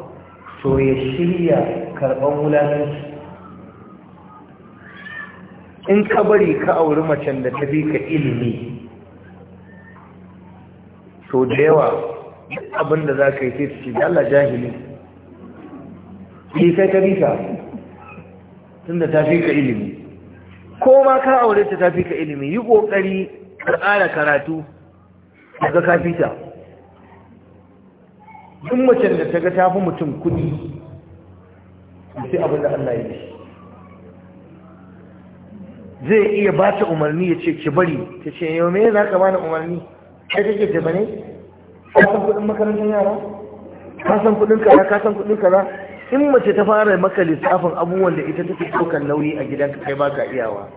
to ya shirya karɓar wulaninsu in ka bari ka auri macen da ta fi ka ilimi to da yawa abinda za ka yi ce su ce da Allah jahili ke kai ka bi ka tun da ta fi ka ilimi ko ma ka aure ta ta fi ka ilimi yi ƙoƙari ka ƙara karatu daga kafita duk mace da ta ga ta fi mutum kudi sai abin da Allah ya yi zai iya ba ta umarni ya ce ki bari ta ce yau me za ka bani umarni kai kake ce bane ka san kudin makarantar yara ka san kudin kaza ka san kudin kaza in mace ta fara maka lissafin abubuwan da ita take ɗaukar nauyi a gidanka kai ba ka iyawa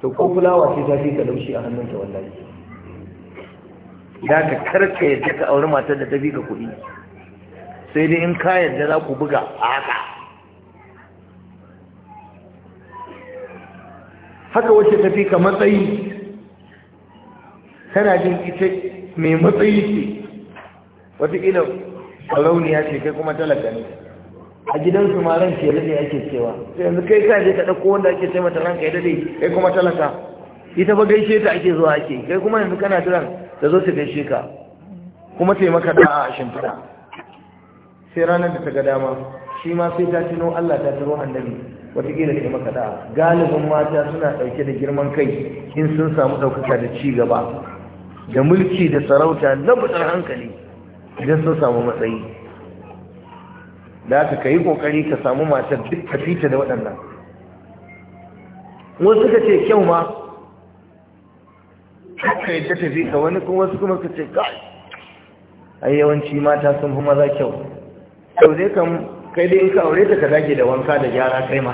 to ko fulawa ce ta fi ka laushi a hannunta wallahi da ka karka yadda ka auri matar da ta bi ka kuɗi sai dai in ka yadda za ku buga a haka haka wacce ta fi ka matsayi tana jin ita mai matsayi ce wataƙila sarauniya ce kai kuma talaka ne a gidansu ma ran ke daɗe ake cewa yanzu kai ka je ka ɗauko wanda ake ce mata ranka ya dade kai kuma talaka ita ba gaishe ta ake zuwa ake kai kuma yanzu kana jiran ta zo ta gaishe ka kuma ta yi maka da'a a shimfiɗa sai ranar da ta ga dama shi ma sai ta tuno Allah ta taro annabi wataƙila ta yi maka da'a galibin mata suna ɗauke da girman kai in sun samu ɗaukaka da ci gaba da mulki da sarauta na buɗar hankali idan sun samu matsayi da aka kai ƙoƙari ka samu matar duk ka fita da waɗannan wasu ka ce kyau ma haka yadda ta bi wani kuma wasu kuma su ce kai ai yawanci mata sun fi maza kyau sau dai kan kai dai ka aure ta ka dage da wanka da gyara kai ma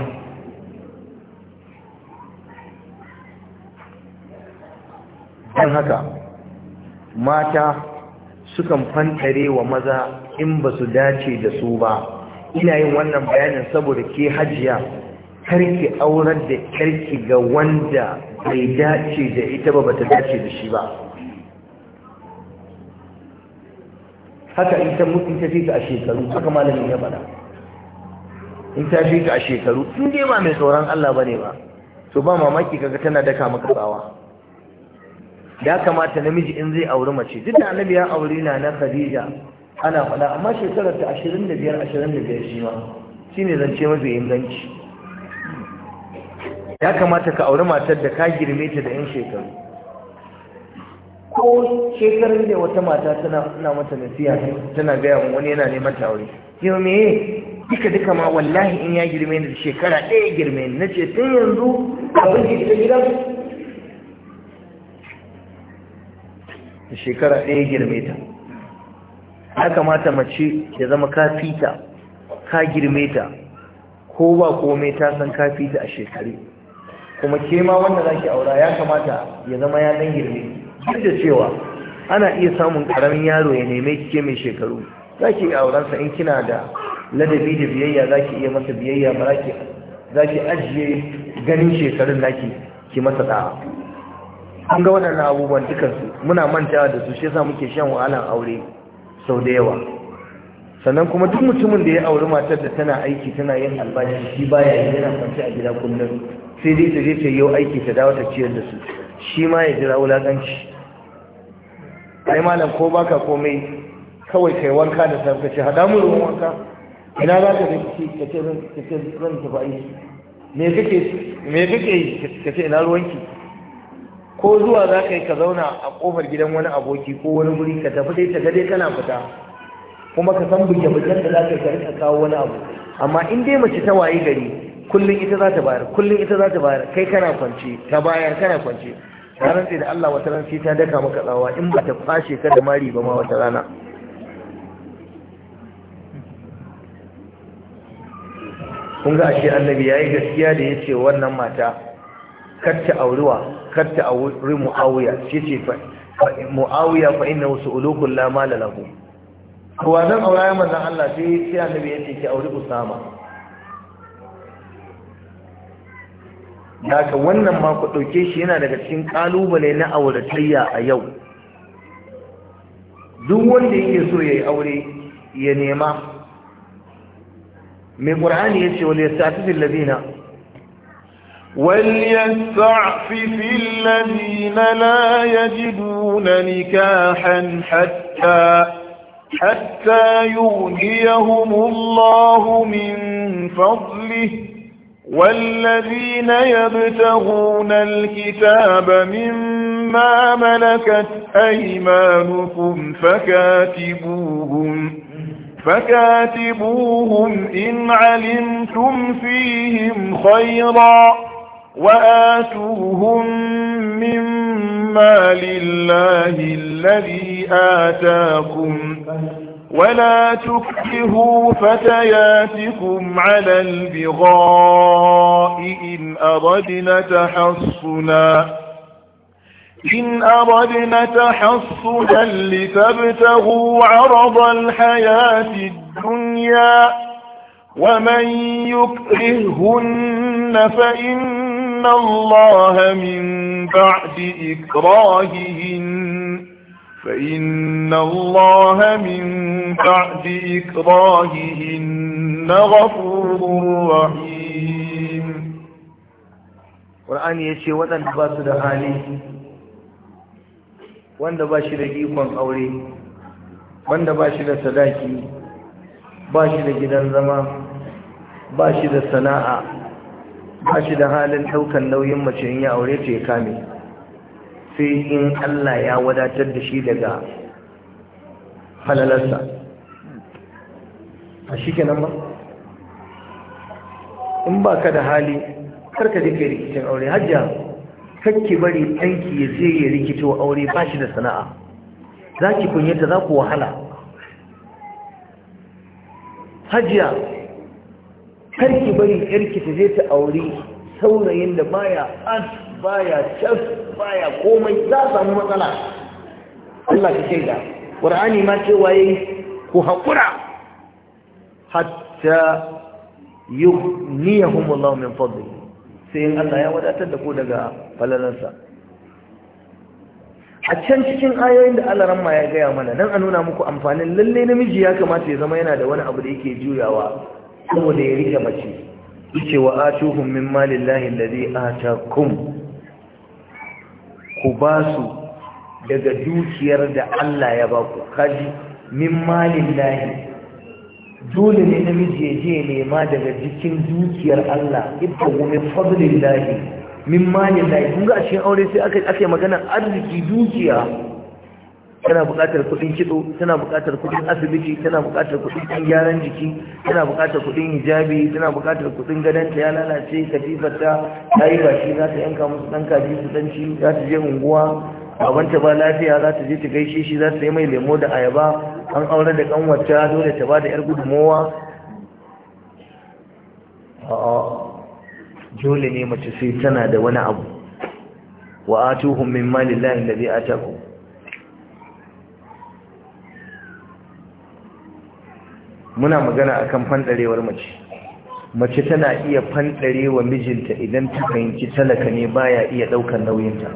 don haka mata sukan fantare wa maza in ba su dace da su ba ina yin wannan bayanin saboda ke hajiya karki aurar da karki ga wanda bai dace da ita ba bata dace da shi ba haka in ta mutu ta fi ka a shekaru haka malamin ya faɗa in ta fi ta a shekaru tun dai ba mai tsoron Allah bane ba to ba mamaki kaga tana daka maka tsawa ya kamata namiji in zai auri mace duk da annabi ya auri na na Khadija ana faɗa amma shekarar ta 25 25 shi ma shine zance mafi inganci ya kamata ka auri matar da ka girme ta da 'yan shekaru ko shekarun da wata mata tana mata nasiya tana gaya mu wani yana neman ta aure yau me duka duka ma wallahi in ya girme ni shekara ɗaya girme ni na ce tun yanzu abin da ita gidan da shekara ɗaya girme ta ya kamata mace ya zama ka fita ka girme ta ko ba komai ta san ka fita a shekaru kuma ke ma wanda za ki aura ya kamata ya zama ya dan girme duk da cewa ana iya samun karamin yaro ya neme kike mai shekaru za ki aurensa in kina da ladabi da biyayya za ki iya masa biyayya ba za ki ajiye ganin shekarun naki ki masa da'a an ga waɗannan abubuwan dukansu muna manta da su shi yasa muke shan wahalan aure sau da yawa sannan kuma duk mutumin da ya auri matar da tana aiki tana yin albashi shi baya yana kwanci a gida kullum sai dai ta je ta yau aiki ta dawo ta ciyar da su shi ma ya jira wulaƙanci ai malam ko baka komai kawai kai wanka da safe ce hada mu ruwan wanka ina za ka da ki ka ce ran ka ce ran ta me kake me kake ka ce ina ruwanki ko zuwa za ka yi ka zauna a kofar gidan wani aboki ko wani guri ka tafi dai ta gade kana fita kuma ka san buge-bugen da za ka yi ka rika kawo wani abu amma in dai mace ta waye gari kullum ita za ta bayar kullum ita za ta bayar kai kana kwance ta bayar kana kwance ta rantse da Allah wata ran sai ta daka maka tsawa in ba ta kwashe ka da mari ba ma wata rana kun ga shi annabi yayi gaskiya da yace wannan mata kar ta katta auri muawiya shi ce fa muawiya fa inna su'ulukul la mala lahu wa zan aura manzon Allah sai sai annabi yace ki auri usama haka wannan ma ku dauke shi yana daga cikin kalubale na auratayya a yau duk wanda yake so yayi aure ya nema mai qur'ani yace wal yastafi alladhina sa fi labina وليستعفف الذين لا يجدون نكاحا حتى حتى يغنيهم الله من فضله والذين يبتغون الكتاب مما ملكت أيمانكم فكاتبوهم فكاتبوهم إن علمتم فيهم خيرا وآتوهم مما لله الذي آتاكم ولا تكرهوا فتياتكم على البغاء إن أردنا تحصنا إن أردنا تحصنا لتبتغوا عرض الحياة الدنيا ومن يكرههن فإن الله من بعد إكراههن فإن الله من بعد إكراههن غفور رحيم قرآن يشي وطن باس دهالي وند باشي دقيقون أولي وان دباشي دسلاكي باشي دجدن زمان باشي دسناء باشي دهالي حوكا لو يمشي يا أوليتي كامل sai in Allah ya wadatar da shi daga halalarsa. a shi kenan ba in ba ka da hali karka ka yi rikicin aure hajja kakki bari ɗanki ya sai ya rikito aure ba shi da sana'a za ki kunyata za ku wahala hajjiya karki bari yarki ta je ta aure saurayin da baya ya baya ya baya komai za samu matsala Allah ka shaida Qur'ani ma ce waye ku hakura hatta yughniyahum Allah min fadli sai Allah ya wadatar da ku daga falalansa a can cikin ayoyin da Allah ranma ya gaya mana nan a nuna muku amfanin lalle namiji ya kamata ya zama yana da wani abu da yake juyawa saboda ya rike mace yace wa atuhum min malillahi alladhi atakum ku ba su daga dukiyar da Allah ya ba ku kaji min malin lahi dole ne namiji ya je nema daga jikin dukiyar Allah ita min fadlin lahi min malin lahi kun ga ashe aure sai aka yi magana arziki dukiya tana buƙatar kuɗin kitso tana buƙatar kuɗin asibiti tana buƙatar kuɗin gyaran jiki tana buƙatar kuɗin hijabi tana buƙatar kuɗin gadonta ya lalace katifarta ta yi bashi za ta yanka musu ɗan kaji su ɗanci za ta je unguwa babanta ba lafiya za ta je ta gaishe shi za ta yi mai lemo da ayaba an aure da ƙanwata dole ta ba da 'yar gudunmowa dole ne mace sai tana da wani abu wa atuhum min malillahi allazi atakum muna magana akan fandarewar mace mace tana iya fandarewa mijinta idan ta fahimci talaka ne baya iya daukar nauyinta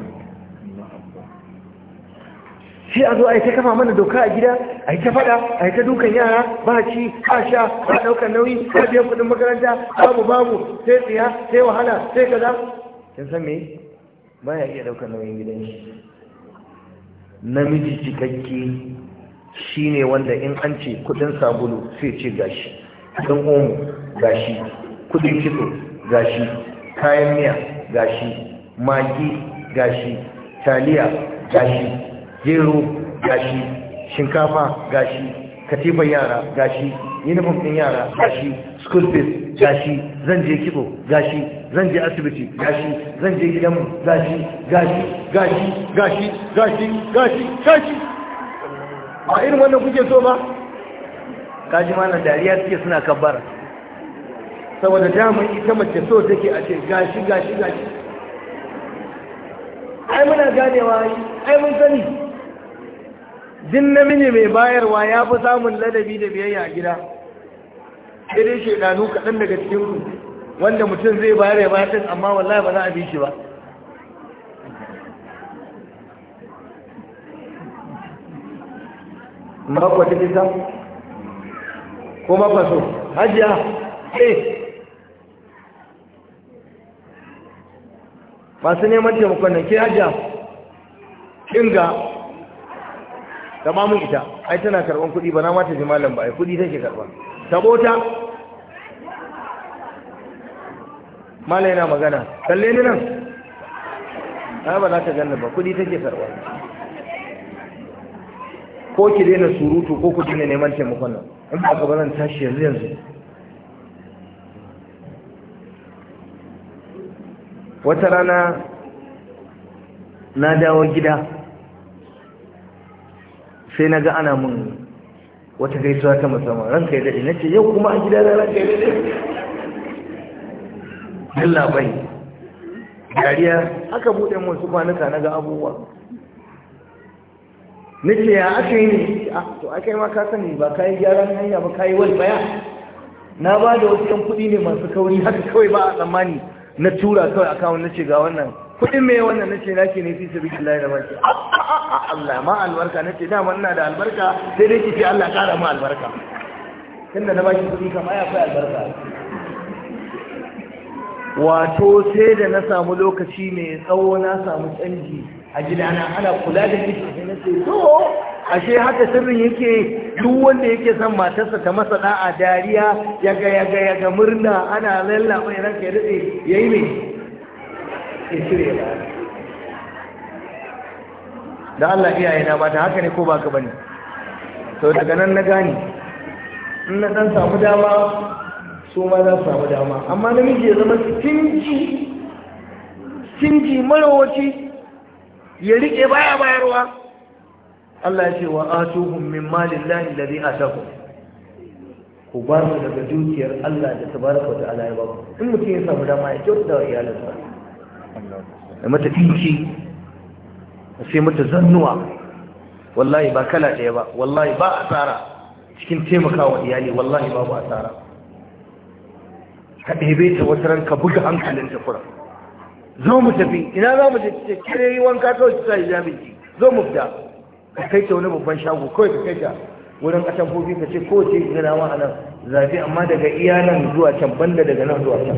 sai a zo a yi ta kafa mana doka a gida a yi ta fada a yi ta dukan yara ba ci ba sha ba daukar nauyi ba biyan kudin makaranta babu babu sai tsiya sai wahala sai kaza kin san me baya iya daukar nauyin gidan shi namiji cikakke shi ne wanda in an ce kudin sabulu sai ce gashi kudin omo gashi kudin kitso gashi kayan miya gashi magi gashi taliya gashi gero gashi shinkafa gashi katifan yara gashi uniform din yara gashi school fees gashi zan je kitso gashi zan je asibiti gashi zan je gidanmu gashi gashi gashi gashi gashi gashi gashi ba irin wannan kuke so ba kaji ma nan dariya suke suna kabbar saboda damar ita mace so take a ce gashi gashi gashi ai muna ganewa ai mun sani jin namiji mai bayarwa ya fi samun ladabi da biyayya a gida sai dai shaidanu kaɗan daga cikin wanda mutum zai bayar ya bayar amma wallahi ba za a bi shi ba makwata kisa ko makwaso hajiya eh masu neman taimakon nan ke hajiya kinga gama mun ita ai tana karban kudi ba na mata ji malam ba ai kudi take karba sabota malai na magana kalle ni nan ai ba za ta ganna ba kudi take karba ko ki daina surutu ko ku daina neman taimakon nan in ba ka ba zan tashi yanzu yanzu wata rana na dawo gida sai na ga ana mun wata gaisuwa ta musamman ranka ya daɗe na ce yau kuma a gida na ranka ya daɗe Allah bai dariya aka buɗe mun su kwanuka na ga abubuwa nake ya aka yi ne a ah, to ake ma ka sani ba ka yi gyaran hanya ba ka yi wal baya na ba da wasu yan kuɗi ne masu kauri haka kawai ba a tsammani na tura kawai a kawon nace ga wannan kuɗin mai wannan nace na ke ne fi sabi lillahi da mace ah, ah, Allah ma albarka nace dama ina da albarka sai dai ki ce Allah kara ma albarka tunda na baki kuɗi kam ya kai albarka wato sai da na samu lokaci mai tsawo na samu canji a gidana ana kula da ita sai na ce to ashe haka sirrin yake duk wanda yake son matarsa ta masa da'a dariya ya ga ya ga ya ga murna ana lalla mai ranka ya dade yayi ne ya cire ba da Allah iyaye na ba ta haka ne ko ba ka bane to daga nan na gane in na dan samu dama su ma za su samu dama amma namiji ya zama cinci, cinci marawaci ya rike baya bayarwa Allah ya ce wa atuhum min malillahi alladhi atakum ku ba mu daga dukiyar Allah da tabaraka ta'ala ya baku in mutum ya samu dama ya kyauta wa iyalinsa Da mata da sai mata zannuwa wallahi ba kala ɗaya ba wallahi ba asara cikin taimakawa iyali wallahi babu asara ka ɗebe ta wata ranka buga hankalin ta fura zo mu tafi ina za mu tafi kire yi wanka kawai ki sa hijabin ki zo mu fita ka kai ta wani babban shago kawai ka kai ta wurin ƙasan kofi ka ce kowace gina ma a nan zafi amma daga iya nan zuwa can banda daga nan zuwa can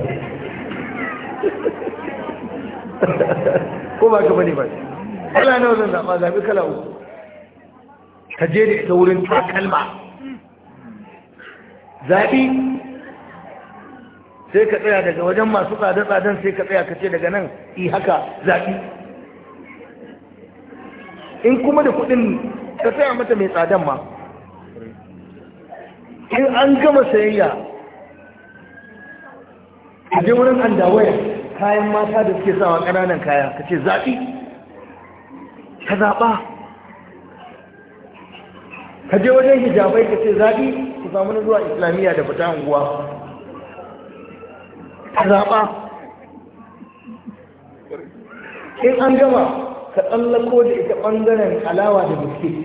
ko ba ka bane ba kala nawa zan zaɓa zaɓi kala uku ka je da ita wurin takalma Zafi. sai ka tsaya daga wajen masu tsada-tsadan sai ka tsaya ka ce daga nan i haka zaɓi in kuma da kuɗin ka tsaya mata mai tsadan ma in an gama sayayya a je wurin an dawaya kayan mata da suke sawa ƙananan kaya ka ce zaɓi ka zaɓa ka je wajen hijabai ka ce zaɓi ku samu na zuwa islamiyya da fita unguwa ka zaɓa in an gama ka tsallako da ita ɓangaren alawa da biskit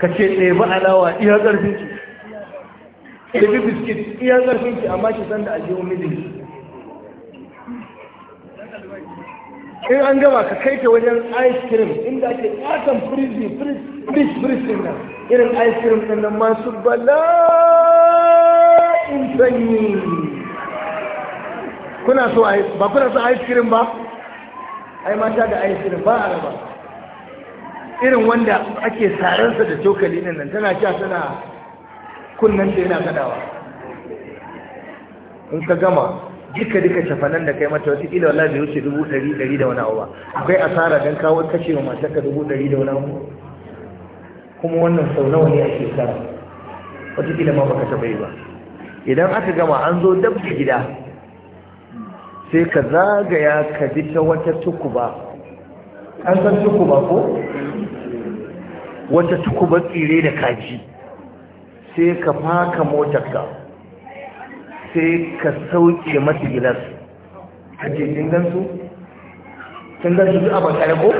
ka ce ba alawa iya ƙarfin ki bi biskit iya ƙarfin ki amma ki san da ajiyar mijin in an gama ka kai ta wajen ice cream inda ake ƙaton frizi frizi frizi na irin ice cream ɗin nan masu bala'in sanyi kuna so a ba kuna so ice cream ba ai mata da ice cream ba a raba irin wanda ake sa da cokali din nan tana cewa tana kunnan da yana gadawa in ka gama duka duka shafanan da kai mata wata ila wala bai wuce dubu ɗari ɗari da wani abu ba akwai asara don kawo kashe wa matarka dubu ɗari da wani abu kuma wannan sau nawa ne a shekara wata ila ma baka taɓa yi ba idan aka gama an zo dab gida sai ka zagaya ka bi ta wata tukuba an san tukuba ko wata tukuba tsire da kaji sai ka faka motarka sai ka sauke mata gilas a jirgin gansu kin gansu zuwa a ko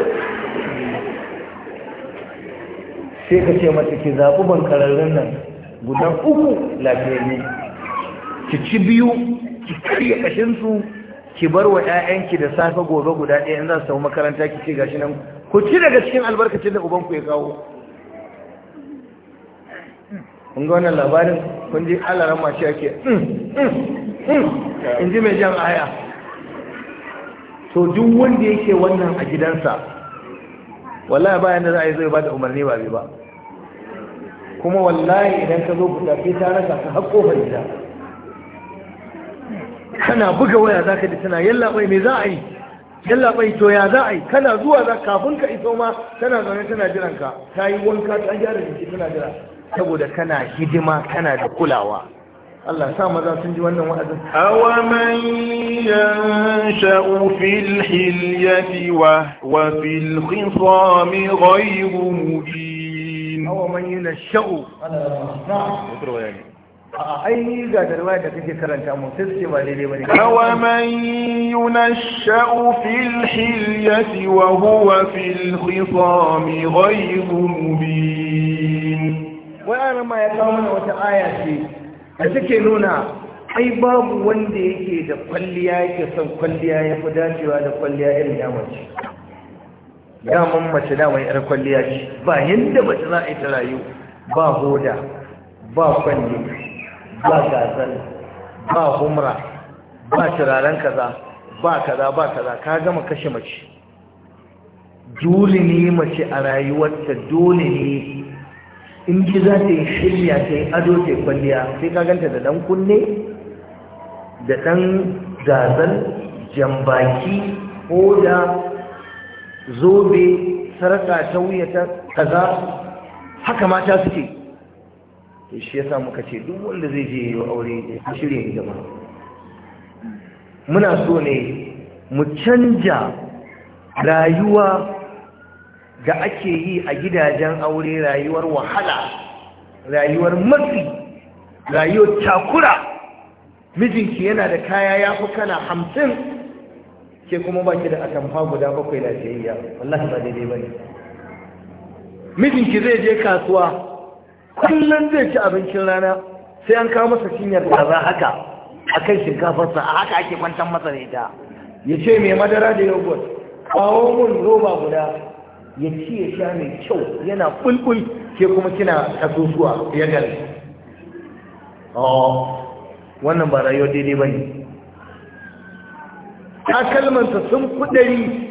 sai ka ce mata ke zaɓi bankararren nan guda uku ne. ki ci biyu ki karya kashinsu ki bar wa ƴaƴanki da safe gobe guda ɗaya in za su samu makaranta ki ce gashi nan ku ci daga cikin albarkacin da ubanku ya kawo kun ga wannan labarin kun ji alaran mashi ake mm, mm, mm, in ji mai jan aya to duk wanda yake wannan a gidansa wallahi bayan da za a yi zai ba da umarni ba bai ba kuma wallahi idan ka zo ku tafi ta raka ka haƙƙofar gida kana buga waya za ka ji tana yallaɓai me za a yi yallaɓai to ya za a yi kana zuwa za kafin ka iso ma tana zaune tana jiran ka ta yi wanka ta gyara jiki tana jira saboda kana hidima kana da kulawa Allah sa maza sun ji wannan wa'azin awa man yansha'u fil hilyati wa wa fil khisami ghayru mubin awa man yansha'u Allah sa ai ga garwa da kake karanta mu sai suke ba daidai bane awa man yunashau fil hilyati wa huwa fil khisami ghayru mubin wannan ma ya kawo mana wata aya ce da take nuna ai babu wanda yake da kwalliya yake son kwalliya ya fi dacewa da kwalliya irin mace. Ya daman mace mai yar kwalliya ce ba yadda mace za a yi ta rayu ba hoda ba kwalliya ba gazal ba humra ba turaren kaza ba kaza ba kaza ka gama kashe mace dole ne mace a rayuwarta dole ne in ji za ta yi shirya ta yi ado ta kwalliya sai ka ganta da dan kunne da dan gazal jambaki hoda zobe sarƙa ta wuya ta kaza haka mata suke to shi yasa muka ce duk wanda zai je yi aure ya shirya hijama muna so ne mu canja rayuwa da ake yi a gidajen aure rayuwar wahala rayuwar matsi rayuwar takura mijinki yana da kaya ya fi kana hamsin ke kuma baki da atamfa guda bakwai lafiyayya wallahi ba daidai ba ne mijinki zai je kasuwa kullum zai ci abincin rana sai an kawo masa cinyar kaza haka a kan shinkafarsa a haka ake kwantar masa da ita ya ce mai madara da yogurt kawo mun roba guda ya ci ya sha mai kyau yana bulbul ke kuma kina kasusuwa ya gari oh, wannan ba rayuwar daidai ba ne Ta kalmanta sun kudari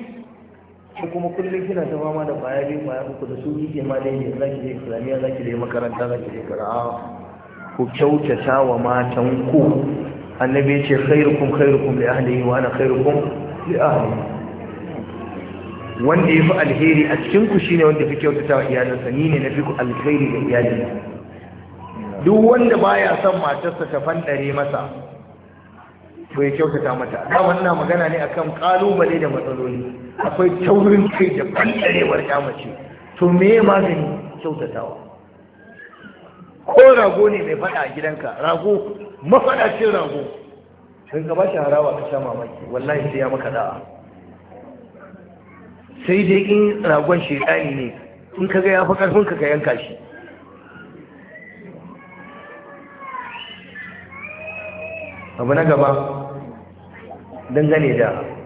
ko kuma kullum kina ta fama da baya biyu baya uku da su kike ma dai za zaki je islamiyya zaki je makaranta zaki je qira'a ku kyautata wa matan ku annabi ya ce khairukum khairukum li ahlihi wa ana khairukum li ahli wanda ya fi alheri a cikin ku shine wanda fi kyautata wa iyalinsa ni ne na fi ku alheri ga iyalinsa duk wanda baya son matarsa ta fandare masa Bai kyautata mata da wannan magana ne akan kalubale da matsaloli akwai taurin kai da ɓangarewar yamace to me magani kyautatawa ko rago ne mai faɗa a gidanka rago mafaɗacin rago sun ka ba shi harawa ka sha mamaki wallahi sai ya maka da'a sai dai in ragon shekani ne in ka ga ya fi ƙarfinka ka yanka shi abu na gaba dangane da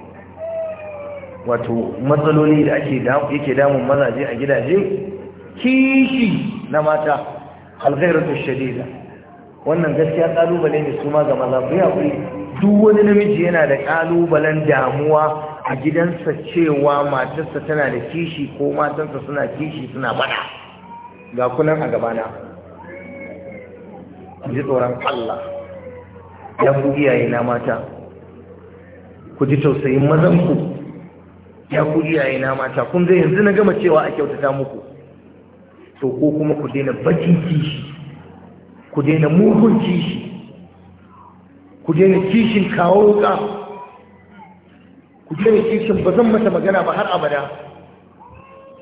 wato matsaloli da ake yake damun mazaje a gidaje kishi na mata alghairatu shadida wannan gaskiya kalubale ne su ma ga maza ku hakuri duk wani namiji yana da kalubalen damuwa a gidansa cewa matarsa tana da kishi ko matansa suna kishi suna bada ga kunan a gabana ji tsoron Allah ya ku iyaye na mata ku ji tausayin mazan ku. ya ku iyaye na mata kun zai yanzu na gama cewa a kyautata muku to ko kuma ku daina bakin kishi ku daina muhun kishi ku daina kishin kawo wuka ku daina kishin ba zan mata magana ba har abada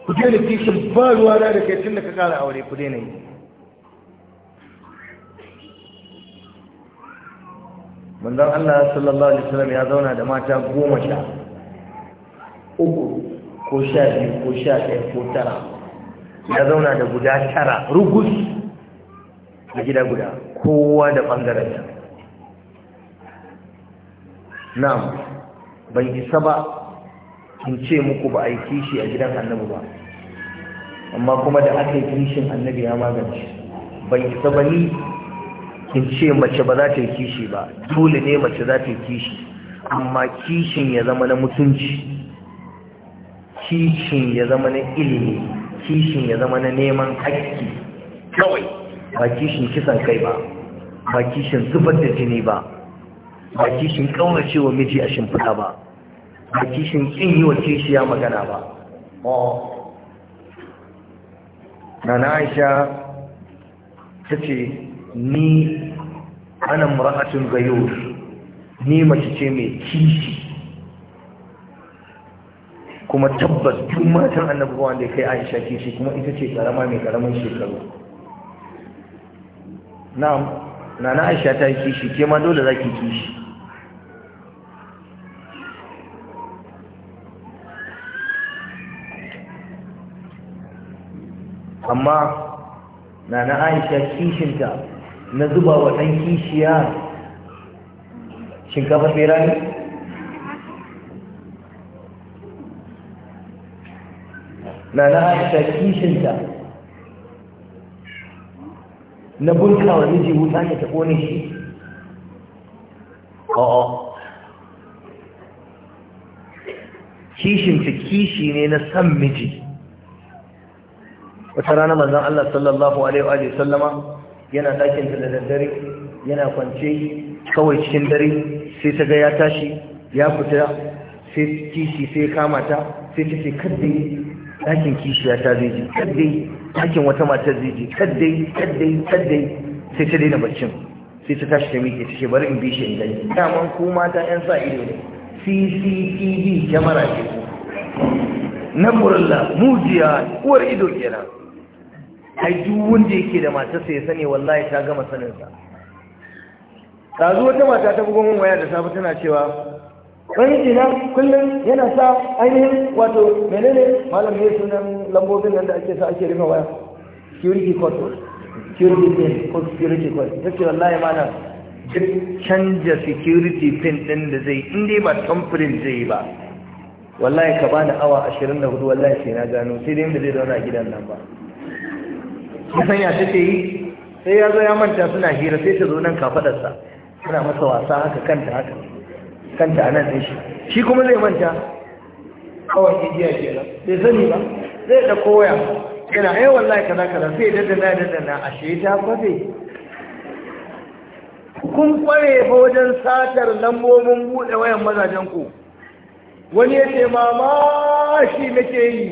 ku daina kishin ba ruwa na da kai tun da ka kara aure ku daina yi manzon Allah sallallahu alaihi wasallam ya zauna da mata goma sha uku ko sha biyu ko sha ɗaya ko tara ya zauna da guda tara rugus a gida guda kowa da ɓangarenta Nan, ban isa ba in ce muku ba a yi kishi a gidan annabi ba amma kuma da aka yi kishin annabi ya magance ban isa ba ni in ce mace ba za ta yi kishi ba dole ne mace za ta yi kishi amma kishin ya zama na mutunci kishin ya zama na ilimi kishin ya zama na neman haƙƙi kawai ba kishin kisan kai ba ba kishin zubar da jini ba ba kishin ƙaunace wa miji a shimfiɗa ba ba kishin ƙin yi wa kishiya magana ba na aisha ta ce ni ana mura'atun gayo ni mace ce mai kishi kuma tabbas duk matan annabi da ya kai Aisha ke shi kuma ita ce karama mai karamin shekaru na'am nana Aisha ta yi kishi ke ma dole za ki kishi amma na nana Aisha kishinta na zuba wa ɗan kishiya shinkafa bera ne na na aisha kishinta na burka wa miji wuta ne ta kone shi a'a kishinta kishi ne na san miji wata rana mazan Allah sallallahu Alaihi sallama yana ɗakinta da daddare yana kwance kawai cikin dare sai ta ga ya tashi ya fita sai kishi sai kamata sai ta ce kadda ɗakin kishiya ta zai ji kaddai ɗakin wata matar zai ji kaddai kaddai kaddai sai ta daina baccin sai ta tashi ta miƙe ta ce bari in bi shi in gani daman ko mata ƴan sa ido ne cctv kyamara ce na murla mujiya uwar ido kenan ai duk wanda yake da matarsa ya sani wallahi ta gama saninsa zuwa wata mata ta bugon waya da safe tana cewa wani ina kullum yana sa ainihin wato menene malam ne sunan lambobin nan da ake sa ake rufe waya security court security pin ko security court yake wallahi malam duk canja security pin din da zai in dai ba tamfirin zai yi ba wallahi ka bani awa 24 wallahi sai na gano sai dai inda zai zauna gidan nan ba kusan ya take yi sai ya zo ya manta suna hira sai ta zo nan ka faɗarsa. suna masa wasa haka kanta haka kanta a nan ɗin shi shi kuma zai manta kawai igiya ke nan bai sani ba zai da koya yana yawan eh, wallahi kaza kaza sai da daddana ya daddana a sheta ta kwafe kun kware fa wajen satar lambobin buɗe wayan mazajen ku wani ya ce mama shi nake yi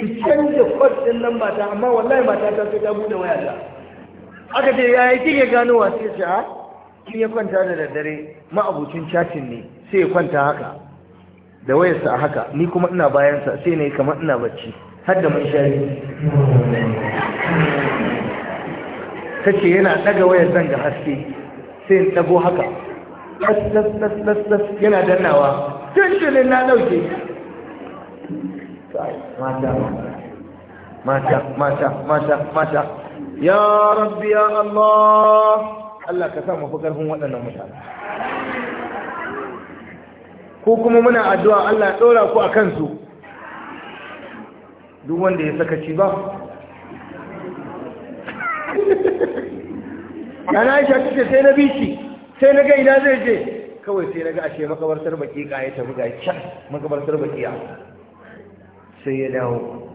in canza kwas ɗin nan mata amma wallahi mata ta sai ta buɗe wayata aka ce ya yi kike gano sai ce ha ah, in ya kwanta da daddare ma'abucin cacin ne sai ya kwanta haka da wayarsa a haka ni kuma ina bayansa sai na yi kamar ina bacci har da mun shari ta ce yana ɗaga wayar zanga haske sai in ɗago haka Tas-das-das yana dannawa tuntunin na ɗauke mata mata mata mata mata ya rabbi ya Allah Allah ka sa mafi ƙarfin waɗannan mutane ko kuma muna addu'a Allah ɗora ku a kansu duk wanda ya saka ci ba yana aisha ce sai na bishi sai na ga ina zai je kawai sai na ga ashe makabartar baƙi ƙaya ta tafi can makabartar baƙi a. sai ya dawo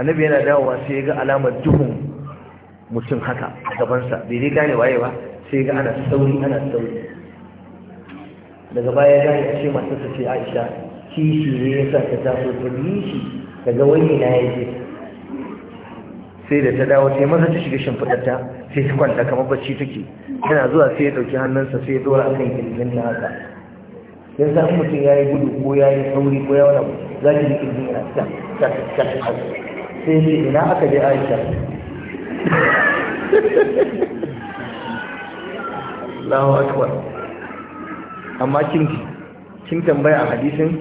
annabi yana dawowa sai ya ga alamar duhun mutum haka a gabansa bai dai gane waye ba sai ga ana sauri ana sauri daga baya gani a ce masu su ce aisha kishi ne ya sa ta taso ta bi shi daga wani na ya je sai da ta dawo sai masa ta shiga shimfiɗarta sai ta kwanta kamar bacci take tana zuwa sai ya ɗauki hannunsa sai ya dora akan kirjin na haka yanzu sa mutum ya yi gudu ko ya yi sauri ko ya wani za ki yi kirjin na ta ta ta ta sai ce ina aka je aisha Allahu akbar amma kin kin tambaya a hadisin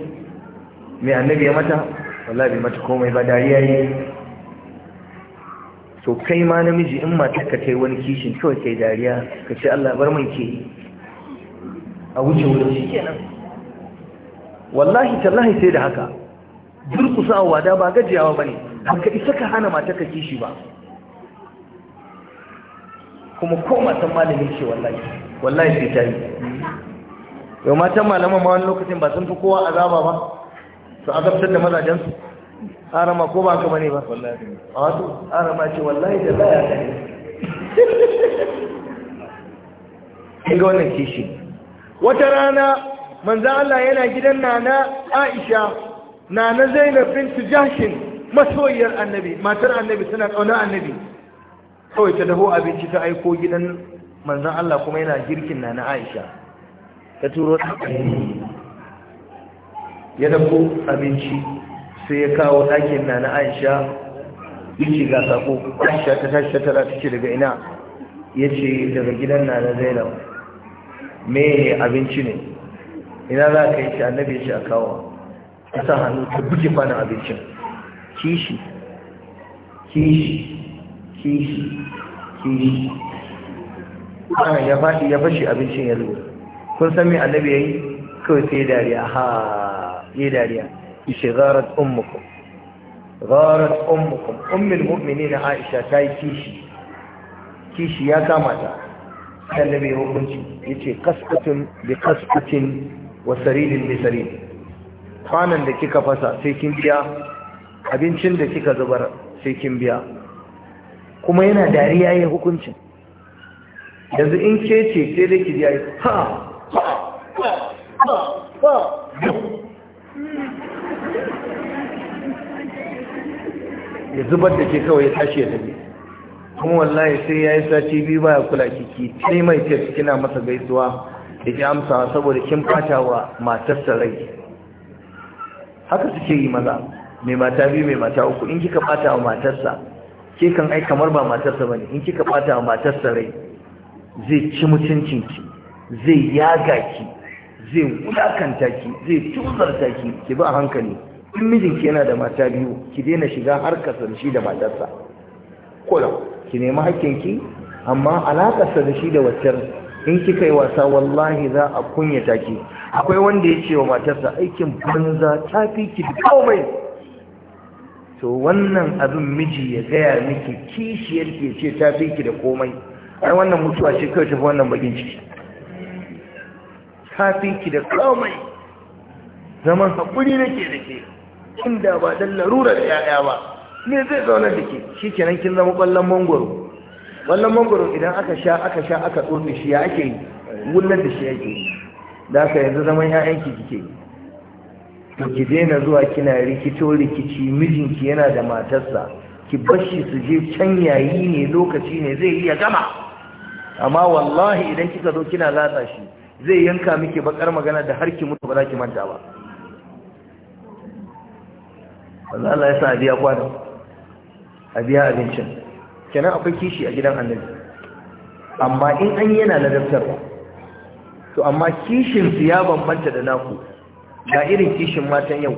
mai annabi ya mata wallahi mata komai ba dariya yi so kai ma namiji in mata ka kai wani kishin kawai kai dariya ka ce Allah bar mai ke a wuce wurin shi kenan wallahi tallahi sai da haka durkusa wada ba gajiyawa bane haka isa ka hana mata ka kishi ba kuma ko san malamin ce wallahi wallahi sai ta yi yau matan malaman ma wani lokacin ba sun fi kowa azaba ba su azabtar da mazajensu arama ko ba kama ne ba a wasu arama ce wallahi da za a yaka ne ga wannan kishi wata rana manzan Allah yana gidan nana Aisha nana Zainab bintu Jashin masoyiyar annabi matar annabi suna ƙaunar annabi kawai ta daho abinci ta aiko gidan manzan Allah kuma yana girkin na na Aisha ta turo ya dafo abinci sai ya kawo ɗakin na na Aisha yake ga sako Aisha ta tashi tara ta ce daga ina ya ce daga gidan na na Zainab me abinci ne ina za ka yi shi annabi shi a kawo ta sa hannu ta buge fana abincin kishi kishi kishi kishi Ah, ya faɗi ya fashi abincin ya zuwa kun san me annabi ya yi kawai sai dariya ha ya dariya ishe gharat ummukum gharat ummukum ne na aisha ta yi kishi kishi ya kama ta annabi ya hukunci ce qasqatun bi qasqatin wa sarilin bi sarilin kwanan da kika fasa sai kin biya abincin da kika zubar sai kin biya kuma yana dariya ya hukuncin yanzu in ke ce ke da ki ji ha ha ha ha ya zubar da ke kawai ya tashi ya tafi kuma wallahi sai ya yi sati biyu ba ya kula kiki sai mai tef kina masa gaisuwa da ke amsa saboda kin fata wa matarsa rai haka suke yi maza mai mata biyu mai mata uku in kika fata wa matarsa ke kan ai kamar ba matarsa ne in kika fata wa matarsa rai zai ci mutuncin mutuncinki zai yaga ki zai wulakanta ki zai tuzarta ki ki bi a hankali in mijinki yana da mata biyu ki daina shiga harkarsa da shi da matarsa kula ki nemi hakkinki amma alakarsa da shi da waccan. in kika yi wasa wallahi za a kunyata ki akwai wanda ya ce wa matarsa aikin banza ta fi ki komai to wannan abin miji ya gaya miki kishiyar ke ce ta fi ki da komai ai wannan mutuwa ce kawai tafi wannan bakin ciki kafinki da komai zaman haƙuri nake da ke inda ba don larura da yaya ba ne zai zaune da ke shi kenan kin zama ƙwallon mangoro ƙwallon mangoro idan aka sha aka sha aka ɗorni shi ya ake yi wullar da shi ake yi da aka yanzu zaman ya'yanki kike yi to ki daina zuwa kina rikito rikici mijinki yana da matarsa ki bashi su je can yayi ne lokaci ne zai iya gama amma wallahi idan kika zo kina latsa shi zai yanka miki bakar magana da har ki mutu ba za ki manta ba wallahi Allah ya sa abiya kwana abiya abincin kenan akwai kishi a gidan annabi amma in an yana ladabtar. to amma kishin su ya bambanta da naku ga irin kishin matan yau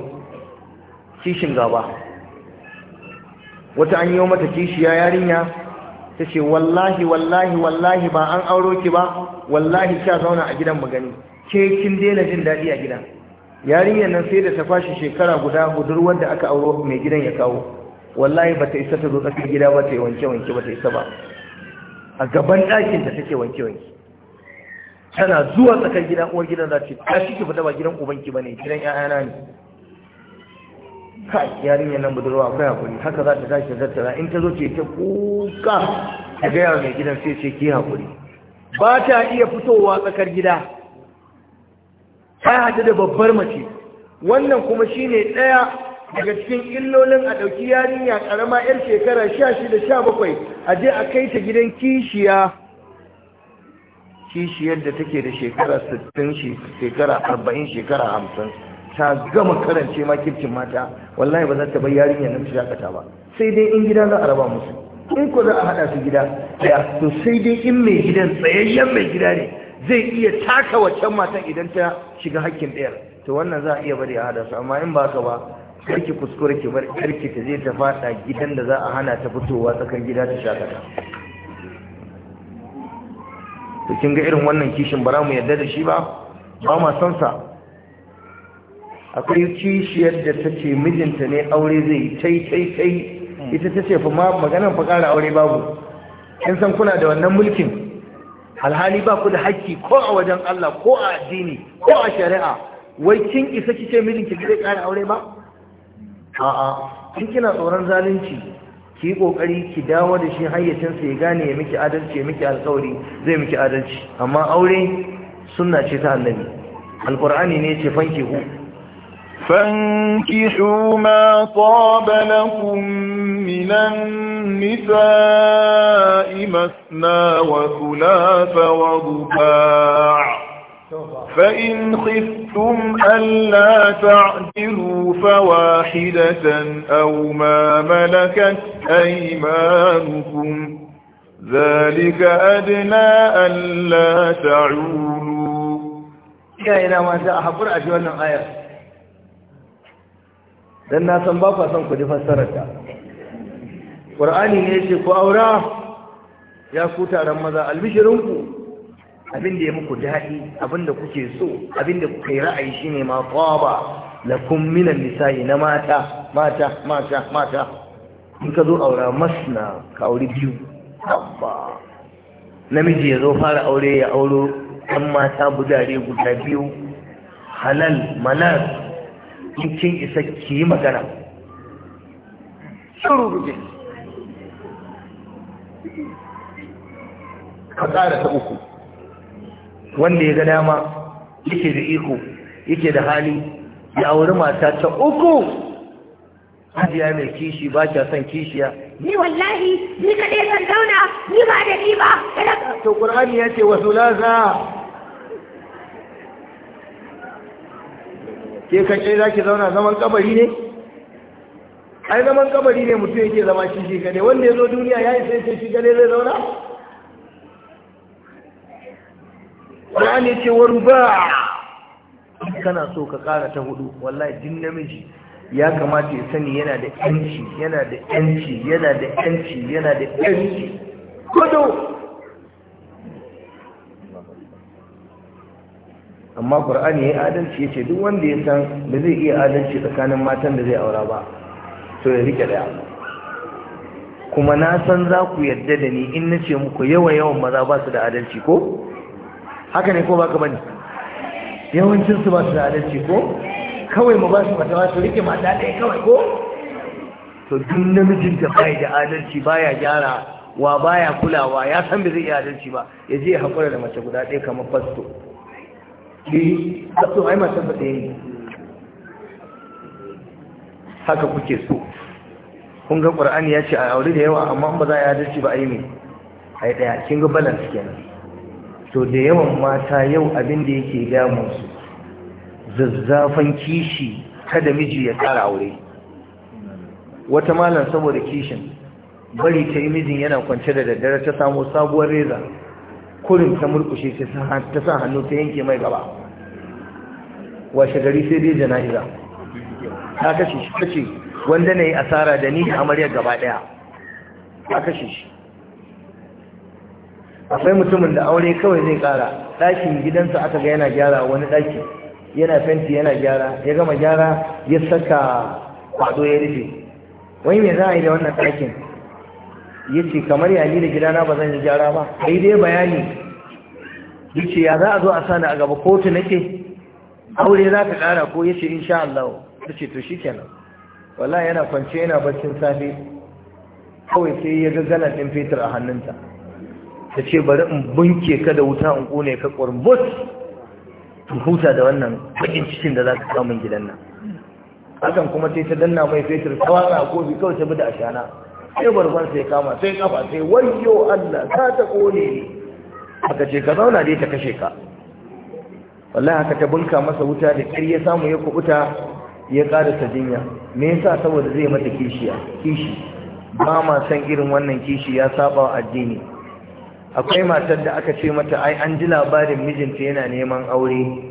kishin gaba wata an yi mata kishiya yarinya ta ce wallahi wallahi wallahi ba an auro ki ba wallahi sha zauna a gidan mu gani ke kin daina jin daɗi a gida? yarinyar nan sai da ta fashi shekara guda budurwar da aka auro mai gidan ya kawo wallahi ba ta isa ta zo tsakiyar gida ba ta yi wanke wanke ba ta isa ba a gaban ɗakin da take wanke wanke tana zuwa tsakar gida uwar gidan za ta ce ta shi ki fita ba gidan ubanki ba ne gidan 'ya'yana ne kai yarinyar nan budurwa akwai hakuri haka za ta tashi tattara in ta zo ce ta kuka ta gaya mai gidan sai ce ki hakuri ba ta iya fitowa tsakar gida ta hadu da babbar mace wannan kuma shine ɗaya daga cikin illolin a ɗauki yarinya karama 'yar shekara sha shida sha bakwai a je a kai ta gidan kishiya kishiyar da take da shekara sittin shekara arba'in shekara hamsin ta gama karance makircin mata wallahi ba za ta bar na nan shakata ba sai dai in gida za a raba musu in ko za a hada su gida ya to sai dai in mai gidan tsayayyen mai gida ne zai iya taka waccan matan idan ta shiga hakkin ɗaya, to wannan za a iya bari a hada su amma in ba haka ba karki kuskure ki bar karki ta je ta faɗa gidan da za a hana ta fitowa tsakar gida ta shakata to kin ga irin wannan kishin bara mu yarda da shi ba ba ma son sa akwai kishiyar da ta ce mijinta ne aure zai tai tai tai ita ta ce fa maganar fa ƙara aure babu in san kuna da wannan mulkin alhali ba ku da hakki ko a wajen Allah ko a addini ko a shari'a wai kin isa kice mijinki ki zai ƙara aure ba a'a kin kina tsoron zalunci ki yi kokari ki dawo da shi hayyacin sa ya gane ya miki adalci ya miki alƙawari zai miki adalci amma aure sunna ce ta annabi alqur'ani ne ce fanki hu فانكحوا ما طاب لكم من النساء مثنى وثلاث ورباع فإن خفتم ألا تعدلوا فواحدة أو ما ملكت أيمانكم ذلك أدنى ألا تعولوا إذا ما جاء حقر أجوانا آيات dan na san ba ku san ku ji fassarar ta Qur'ani ne ce ku aura ya ku taron maza albishirinku. Abinda abin da ya muku daɗi abin kuke so abinda da kuka yi ra'ayi shine ma qaba lakum min nisa'i na mata mata mata mata in ka zo aura masna ka auri biyu abba namiji ya zo fara aure ya auro ɗan mata budare guda biyu halal malal in kin isa ki yi magana shiru ka tsara ta uku wanda ya ga dama yake da iko yake da hali ya auri mata ta uku hajiya mai kishi ba kya son kishiya ni wallahi ni kaɗai zan zauna ni ba da ni ba to ƙur'ani ya ce wasu laza ke kan ce za ki zauna zaman kabari ne ai zaman kabari ne mutum yake zama shi shi gane wanda ya zo duniya ya yi sai ce shi gane zai zauna ƙwani ce wa ba. kana so ka ƙara ta hudu wallahi jin namiji ya kamata ya sani yana da yanci yana da yanci yana da yanci yana da yanci kodo amma qur'ani ya adalci ya ce duk wanda ya san da zai iya adalci tsakanin matan da zai aura ba to ya rike daya kuma na san za ku yarda da ni in na ce muku yawan yawan maza ba su da adalci ko haka ne ko baka bane yawancin su ba su da adalci ko kawai mu ba su mata ba su rike mata ɗaya kawai ko to duk namijin da bai da adalci baya gyara wa baya kulawa ya san bai zai iya adalci ba ya je ya haƙura da mace guda ɗaya kamar fasto ne eh, a ai ne haka kuke so kun ga ya ce a aure da yawa amma ba za a yi adalci ba a yi ne a yi ɗaya kin ga balance kenan to da yawan mata yau abinda da yake damun su zazzafan kishi kada miji ya tsara aure wata malam saboda kishin bari ta yi mijin yana kwance da daddare ta samu sabuwar reza kurin ta murkushe ta sa hannu ta yanke mai gaba washe gari sai dai jana'iza ta kashe shi ta wanda na yi asara da ni da amaryar gaba daya ta kashe shi akwai mutumin da aure kawai zai kara ɗakin gidansa aka ga yana gyara wani ɗaki yana fenti yana gyara ya gama gyara ya saka kwado ya rufe wai me za a yi da wannan ɗakin ya ce kamar yayi da gidana ba zan yi gyara ba da dai bayani Duk ce ya za a zo a sani a gaba kotu nake aure za ka kara ko ya yace insha Allah ce to shi kenan. wala yana kwance yana barcin safe kawai sai ya ga galan ɗin fetur a hannunta ta ce bari in bunke ka da wuta in ƙone ka ƙwarbus in huta da wannan bakin cikin da za ka samun gidan nan hakan kuma sai ta danna mai fetur ta watsa a kofi kawai ta bi da ashana sai barban sai kama sai kafa sai wayo Allah ta ta kone aka ce ka zauna dai ta kashe ka wallahi haka ta bunka masa wuta da kiri ya samu ya kubuta ya ta jinya me yasa saboda zai mata kishiya kishi ba ma san irin wannan kishi ya saba wa addini akwai matar da aka ce mata ai an ji labarin mijinta yana neman aure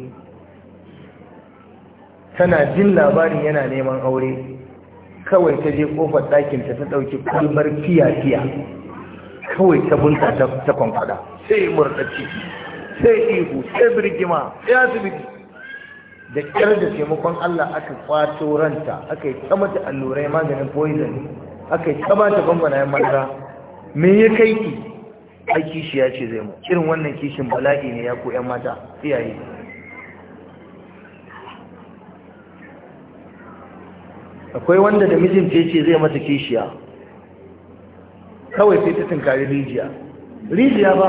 tana jin labarin yana neman aure kawai ta je kofar ɗakinta ta ɗauki kulmar fiya-fiya kawai ta bunta ta kwamfada sai murɗa ciki sai ihu sai birgima sai asibiti da ƙyar da taimakon Allah aka kwato ranta aka yi ta mata allurai maganin poison aka yi ta mata bambana maza me ya kai ki ai kishi ya ce zai mu irin wannan kishin bala'i ne ya ko 'yan mata iyaye akwai wanda da mijin ce zai mata kishiya kawai sai ta tunkari rijiya rijiya ba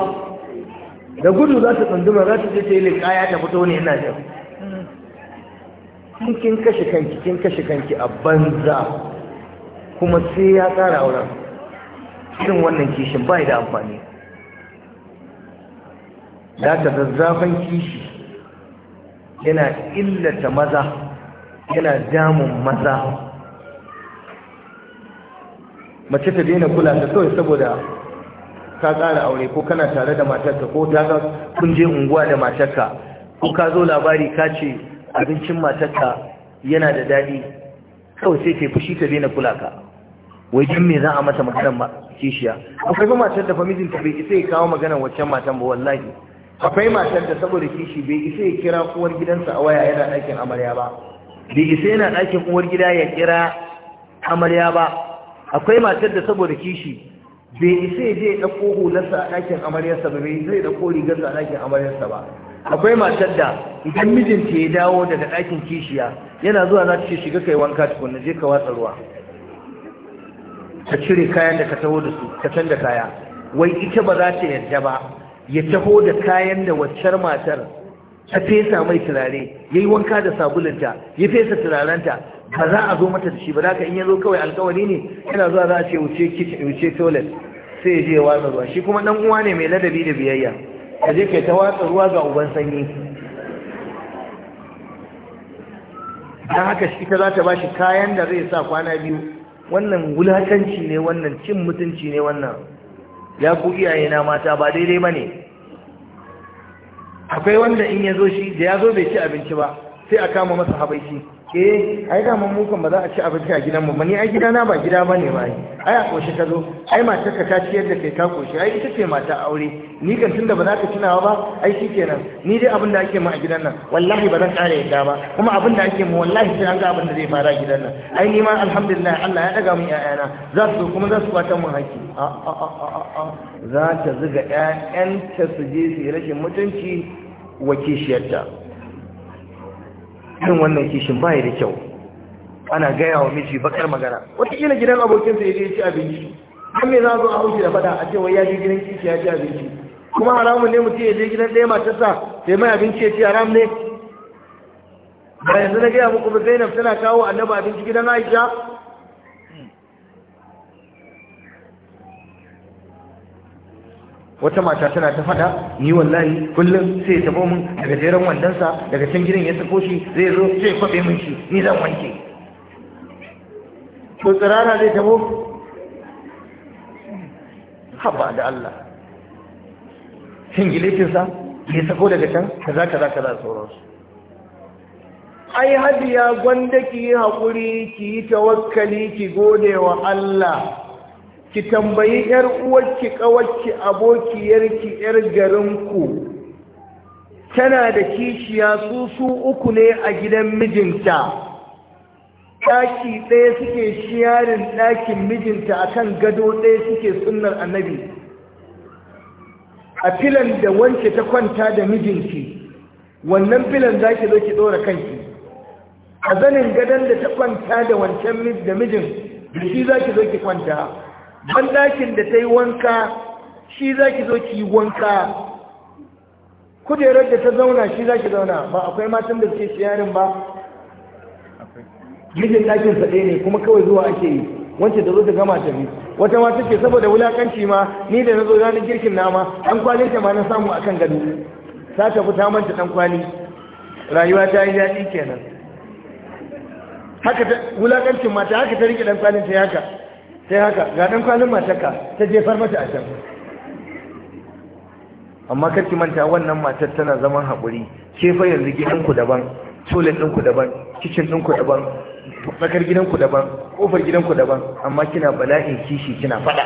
da gudu za ta tsunduma za ta je ta yi liƙaya ta fito ne yana jin kin kashe kanki kin kashe kanki a banza kuma sai ya tsara auren irin wannan kishin ba da amfani da ta zazzafan kishi yana illata maza yana damun maza mace ta daina kula ta kawai saboda ka tsara aure ko kana tare da matarka ko ta ga kun je unguwa da matarka ko ka zo labari ka ce abincin matarka yana da daɗi kawai sai ke fushi ta daina kula ka wai jin me za a mata maganar kishiya akwai ba matar da famijin ta bai isa ya kawo maganar waccan matan ba wallahi akwai matar da saboda kishi bai isa ya kira uwar gidansa a waya yana ɗakin amarya ba bai isa yana ɗakin uwar gida ya kira amarya ba akwai matar da saboda kishi bai isa je ya ɗauko hularsa a ɗakin amaryarsa ba bai isa ya ɗauko rigarsa a ɗakin amaryarsa ba akwai matar da idan mijinta ya dawo daga ɗakin kishiya yana zuwa za ta ce shiga kai wanka tukunna je ka watsa ruwa ka cire kayan da ka taho da su ka canza kaya wai ita ba za ta yarda ba ya taho da kayan da waccar matar ta fesa mai turare ya yi wanka da sabulunta ya fesa turarenta ba za a zo mata da shi ba za ka in yanzu kawai alkawari ne yana zuwa za a ce wuce toilet sai ya je watsa ruwa shi kuma dan uwa ne mai ladabi da biyayya ka je kai ta watsa ruwa ga uban sanyi dan haka shi ta za ta bashi kayan da zai sa kwana biyu wannan wulakanci ne wannan cin mutunci ne wannan ya ku iyaye na mata ba daidai ba ne akwai wanda in ya zo shi da ya zo bai ci abinci ba sai a kama masa habaici eh ai da mun mukan ba za a ci abinci a gidanmu ba ni ai gidana ba gida bane ba ai ai a koshi ka zo ai matar ka ta ciyar da kai ka koshi ai ita ce mata aure ni kan tunda ba za ka tunawa ba ai shikenan ni dai abin da ake mu a gidan nan wallahi ba zan kare yadda ba kuma abin da ake mu wallahi sai an ga abin da zai fara gidan nan ai ni ma alhamdulillah Allah ya daga min ƴaƴana za su kuma za su kwata mun haƙi a a a a za ta zuga ƴaƴanta su je su yi rashin mutunci wa kishiyarta irin wannan kishin baya da kyau ana gaya wa miji bakar magana wataƙila gidan abokinsa ya je ci abinci don me za zo a hauki da fada a cewa ya je gidan kishi ya ci abinci kuma haramun ne mutum ya je gidan ɗaya matarsa sai mai abinci ya ci haram ne ba yanzu na gaya muku ba zainab tana kawo annaba abinci gidan aisha wata mata tana ta fada ni wallahi kullum sai ya tabo min daga jeren wandonsa, daga can gidan ya sako shi zai zo sai ya kwabe min shi ni zan wanke to tsirara zai tabo haba da Allah shingiletinsa ya sako daga can kaza kaza kaza sauransu ai hadiya gwanda ki yi haƙuri ki yi tawakkali ki gode wa Allah ki tambayi yar uwarki kawarki abokiyarki yar garinku tana da kishiya su su uku ne a gidan mijinta Daki ɗaya suke shiyarin ɗakin mijinta a kan gado ɗaya suke sunnar annabi a filan da wance ta kwanta da mijinki wannan filan za ki zo ki ɗora kanki a zanin gadon da ta kwanta da wancan da mijin da shi za ki zo ki kwanta bandakin da ta yi wanka shi za ki zo ki yi wanka kujerar da ta zauna shi za ki zauna ba akwai matan da ke siyarin ba mijin dakin sa ne kuma kawai zuwa ake yi wacce da zo ta gama ta bi wata mata ce saboda wulakanci ma ni da na zo ranar girkin nama ɗan kwalin ta ma na samu akan gado ta tafi ta manta ɗan kwali rayuwa ta yi daɗi kenan haka ta wulakancin mata haka ta rike ɗan kwalin ta yaka sai haka ga ɗan kwalin matarka ta jefar mata a can amma kar ki manta wannan matar tana zaman haƙuri kefa yanzu gidanku daban toilet ɗinku daban kicin ɗinku daban tsakar gidanku daban ƙofar gidanku daban amma kina bala'in kishi kina faɗa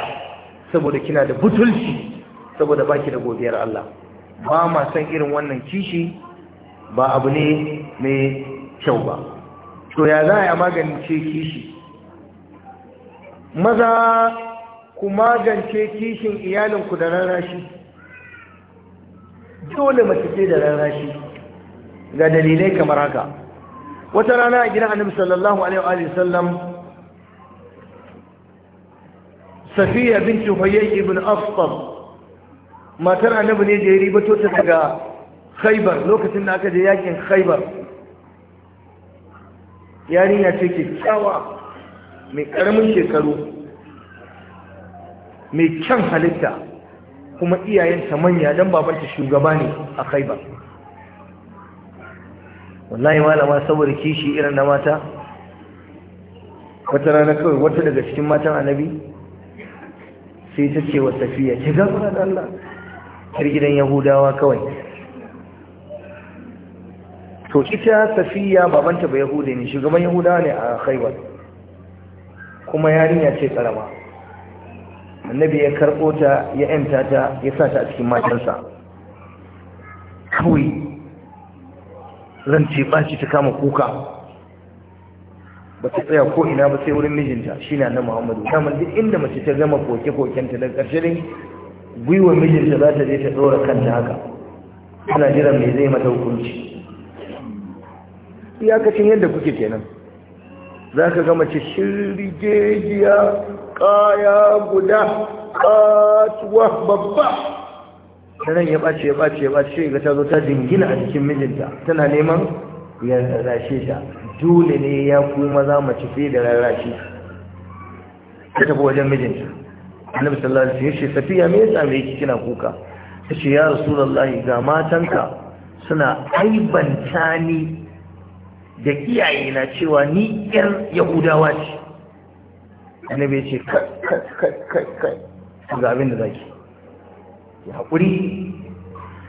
saboda kina da butulci saboda baki da godiyar Allah ba ma san irin wannan kishi ba abu ne mai kyau ba to ya za a magance kishi maza ku magance kishin iyalinku da rarashi. dole mace ce da rarashi. ga dalilai kamar haka wata rana a gidan annabi sallallahu alaihi wa sallam safiya binti huyay ibn afsar matar annabi ne da ya ribato ta daga khaibar lokacin da aka je yakin khaibar yarinya ce kyakkyawa mai ƙaramin shekaru mai kyan halitta kuma iyayenta manya don babanta shugaba ne a khaibar wallahi malama saboda kishi irin na mata wata rana kawai wata daga cikin matan annabi sai ta ce wa safiya ta gafara da Allah har gidan yahudawa kawai to ita safiya babanta ba yahudai ne shugaban yahudawa ne a khaibar kuma yarinya ce karama annabi ya karɓo ta ya yanta ta ya sa ta a cikin matarsa kawai zan ce ɓaci ta kama kuka ba ta tsaya ko ina ba sai wurin mijinta shi na na muhammadu daman duk inda mace ta gama koke-kokenta daga ƙarshe ne gwiwar mijinta za ta je ta ɗora kanta haka ana jiran mai zai mata hukunci iyakacin yadda kuke kenan za ka gama ce shirgejiya kaya guda ƙatuwa babba nan ya ɓace ya ɓace ya ɓace ga ta zo ta jingina a cikin mijinta tana neman ya rarrashe ta dole ne ya kuma za mace fi da rarrashe ta tafi wajen mijinta annabi sallallahu alaihi wasallam ya safiya me yasa me yake kina kuka tace ya rasulullahi ga matanka suna aibantani. da iyaye na cewa ni yar yahudawa ce annabi bai ce kai su ga abin da zaki ki haƙuri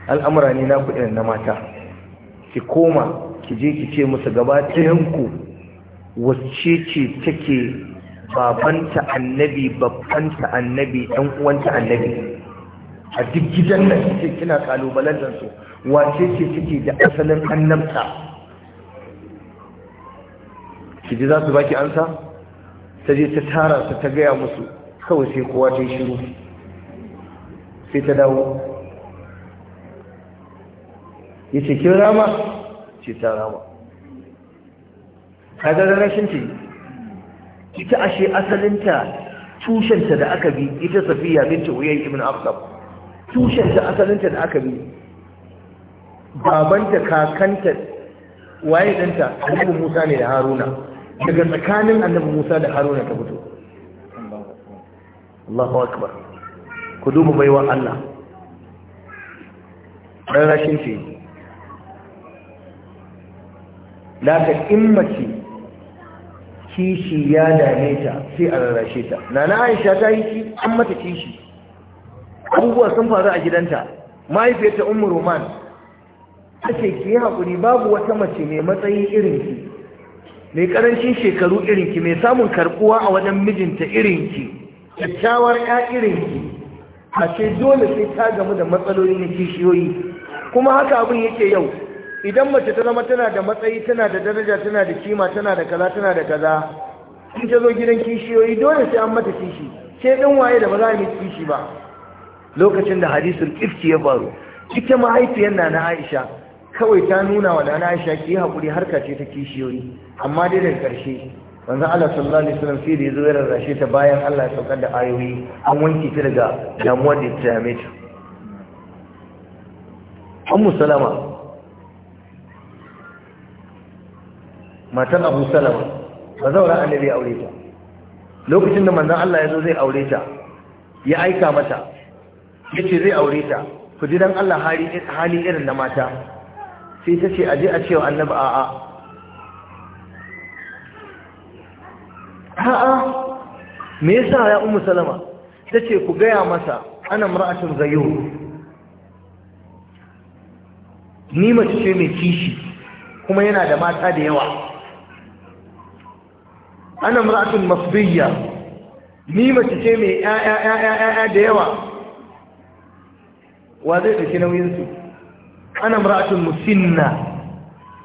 al'amura ne na kuɗin na mata ki koma ki je ki ce musu gaba ɗayanku wacce ce take babanta annabi Babanta annabi ɗan uwanta annabi a duk gidan nan ce kina kalubalen su wacce ce take da asalin annabta ki ji za su baki ansa ta je ta tara su ta gaya musu kawai sai kowa ta yi shiru sai ta dawo ya ce kin rama ce ta rama Ka ga rashin ce ita ashe asalinta tushenta da aka bi ita safiya binta wuyan ibn aqtab tushenta asalinta da aka bi babanta kakanta waye danta annabi Musa ne da Haruna daga tsakanin annabi Musa da Haruna ta fito Allahu akbar ku duba baiwa Allah dan rashin shi laka in mace kishi ya dame ta sai a rarrashe ta nana Aisha ta yi an mata kishi abubuwa sun faru a gidanta mahaifiyarta ummu roman ake ki yi haƙuri babu wata mace mai matsayi irin ki mai karancin shekaru irinki mai samun karbuwa a wajen mijinta irinki kyakkyawar ya irinki a ce dole sai ta gamu da matsaloli na kishiyoyi kuma haka abin yake yau idan mace ta zama tana da matsayi tana da daraja tana da kima tana da kaza tana da kaza in ta zo gidan kishiyoyi dole sai an mata kishi Ke din waye da ba za a yi kishi ba lokacin da hadisul ifki ya faru ita mahaifiyar na na Aisha kawai ta nuna wa dana Aisha ki haƙuri harka ce ta kishiyoyi amma dai daga ƙarshe manzo Allah sallallahu alaihi wasallam sai da ya zo ya rarrashe ta bayan Allah ya saukar da ayoyi an wanke ta daga damuwar da ta dame ta Ummu Salama matan Abu Salama bazawar annabi ya aure ta lokacin da manzon Allah ya zo zai aure ta ya aika mata yace zai aure ta ku ji dan Allah hali irin na mata sai ta ce aje a cewa annabi a'a a'a me yasa ya ummu salama ta ce ku gaya masa ana mura'atun gayo ni mace ce mai kishi kuma yana da mata da yawa ana mura'atun masbiya ni mace ce mai ya da yawa wa zai ɗauki nauyinsu ana mara'atun musinna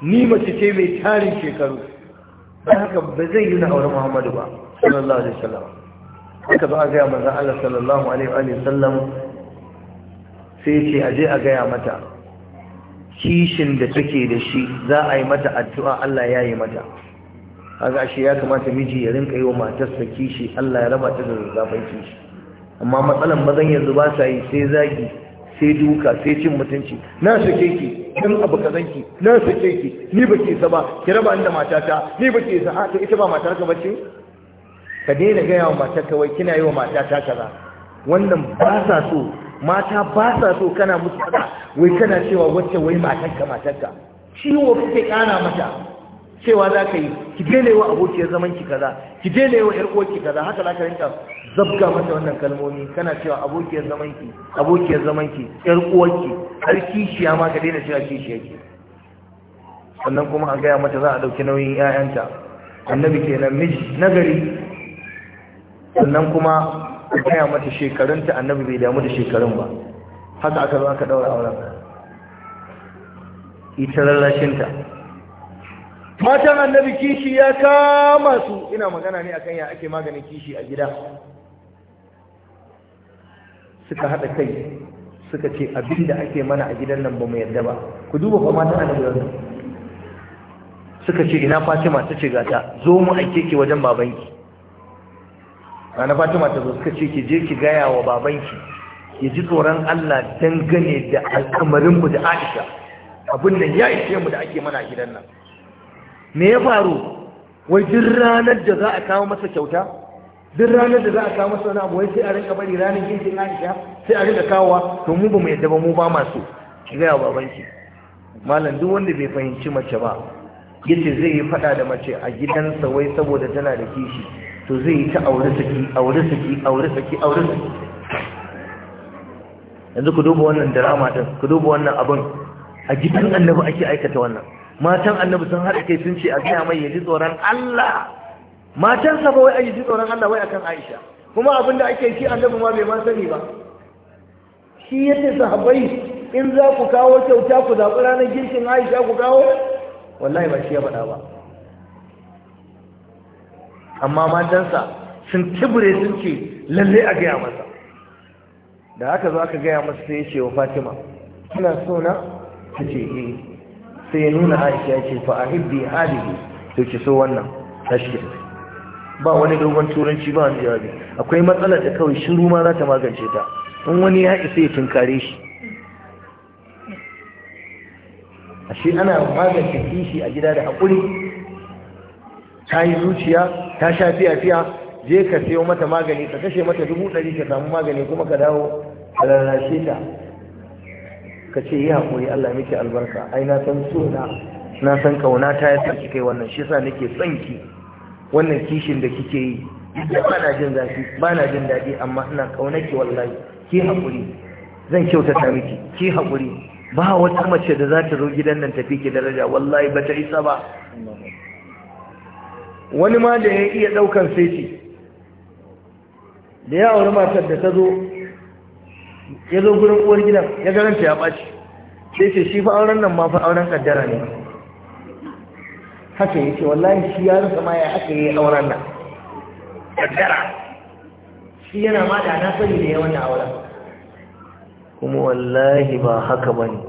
ni mace ce mai tarin shekaru don haka ba zai yi na aure muhammadu ba sallallahu alaihi wasallam haka zo a gaya manzan Allah sallallahu alaihi wasallam sai ce je a gaya mata kishin da take da shi za a yi mata addu'a Allah ya yi mata kaga ashe ya kamata miji ya rinka yi wa matarsa kishi Allah ya raba ta da zafin kishi amma matsalan mazan yanzu ba sa yi sai zagi sai duka sai cin mutunci na sake ki dan abu kazanki na sake ki ni baki sa ba ki raba da matata ni baki sa a to ita ba matarka bace ka daina gaya wa matarka wai kina yi wa matata kaza wannan ba sa so mata ba sa so kana musu wai kana cewa wacce wai matarka matarka ciwo kake kana mata cewa za ka yi ki delewa abokiyar zamanki ki kaza ki delewa ƴar uwarki kaza haka za ka rinka zabga mata wannan kalmomi kana cewa abokiyar zamanki ki abokiyar zaman ki uwarki har kishiya ma ka daina cewa kishiya ki sannan kuma a gaya mata za a ɗauki nauyin ƴaƴanta annabi kenan miji nagari sannan kuma a gaya mata shekarunta annabi bai damu da shekarun ba haka aka zo aka ɗaura auren ita rarrashinta matan annabi kishi ya kama su ina magana ne akan ya ake maganin kishi a gida suka haɗa kai suka ce abin da ake mana a gidan nan ba mu yadda ba ku duba fa matan annabi wannan suka ce ina Fatima ta ce gata zo mu aike ki wajen babanki ana Fatima ta zo suka ce ki je ki gaya wa babanki ya ji tsoron Allah dangane da al'amarin mu da Aisha abin nan ya ishe mu da ake mana a gidan nan me ya faru wai duk ranar da za a kawo masa kyauta duk ranar da za a kawo masa wani abu wai sai a rinka bari ranar girkin aisha sai a rinka kawowa to mu ba mu yadda ba mu ba masu ki gaya babanki malam duk wanda bai fahimci mace ba yace zai yi fada da mace a gidansa wai saboda tana da kishi to zai yi ta aure saki aure saki aure saki aure saki yanzu ku duba wannan drama din ku duba wannan abin a gidan annabi ake aikata wannan matan annabi sun haɗa kai sun ce a gaya mai yaji tsoron Allah matan sa ba wai a tsoron Allah wai akan Aisha kuma abin da ake shi annabi ma bai ma sani ba shi yace sahabbai in za ku kawo kyauta ku zaɓi ranar girkin Aisha ku kawo wallahi ba shi ya faɗa ba amma sa sun kibire sun ce lalle a gaya masa da haka zo aka gaya masa sai ya ce wa Fatima kina so na ta ce eh sai ya nuna aisha ya ce fa'ahibbi halihi to ki so wannan tashi ba wani dogon turanci ba wani akwai matsalar da kawai shiru ma za ta magance ta in wani ya isa ya tunkare shi ashe ana magance kishi a gida da haƙuri ta yi zuciya ta sha fiya-fiya je ka sayo mata magani ka kashe mata dubu ɗari ka samu magani kuma ka dawo a lalace ta ka ce yi haƙuri Allah miki albarka ai na san so na na san kauna ta ya sarki kai wannan shi sa nake son ki wannan kishin da kike yi ba na jin zafi ba na jin daɗi amma ina kauna ki wallahi ki haƙuri zan kyautata miki ki haƙuri ba wata mace da za ta zo gidan nan tafi ki daraja wallahi ba ta isa ba wani ma da ya iya ɗaukan sai ce da ya auri matar da ta zo ya zo gudun uwar gidan ya garanta ya ɓaci sai ce shi fa auren nan ma fa auren kaddara ne haka ya ce wallahi shi ya rasa ma ya aka yi auren nan kaddara shi yana ma da na sani da yawan auren kuma wallahi ba haka ba ne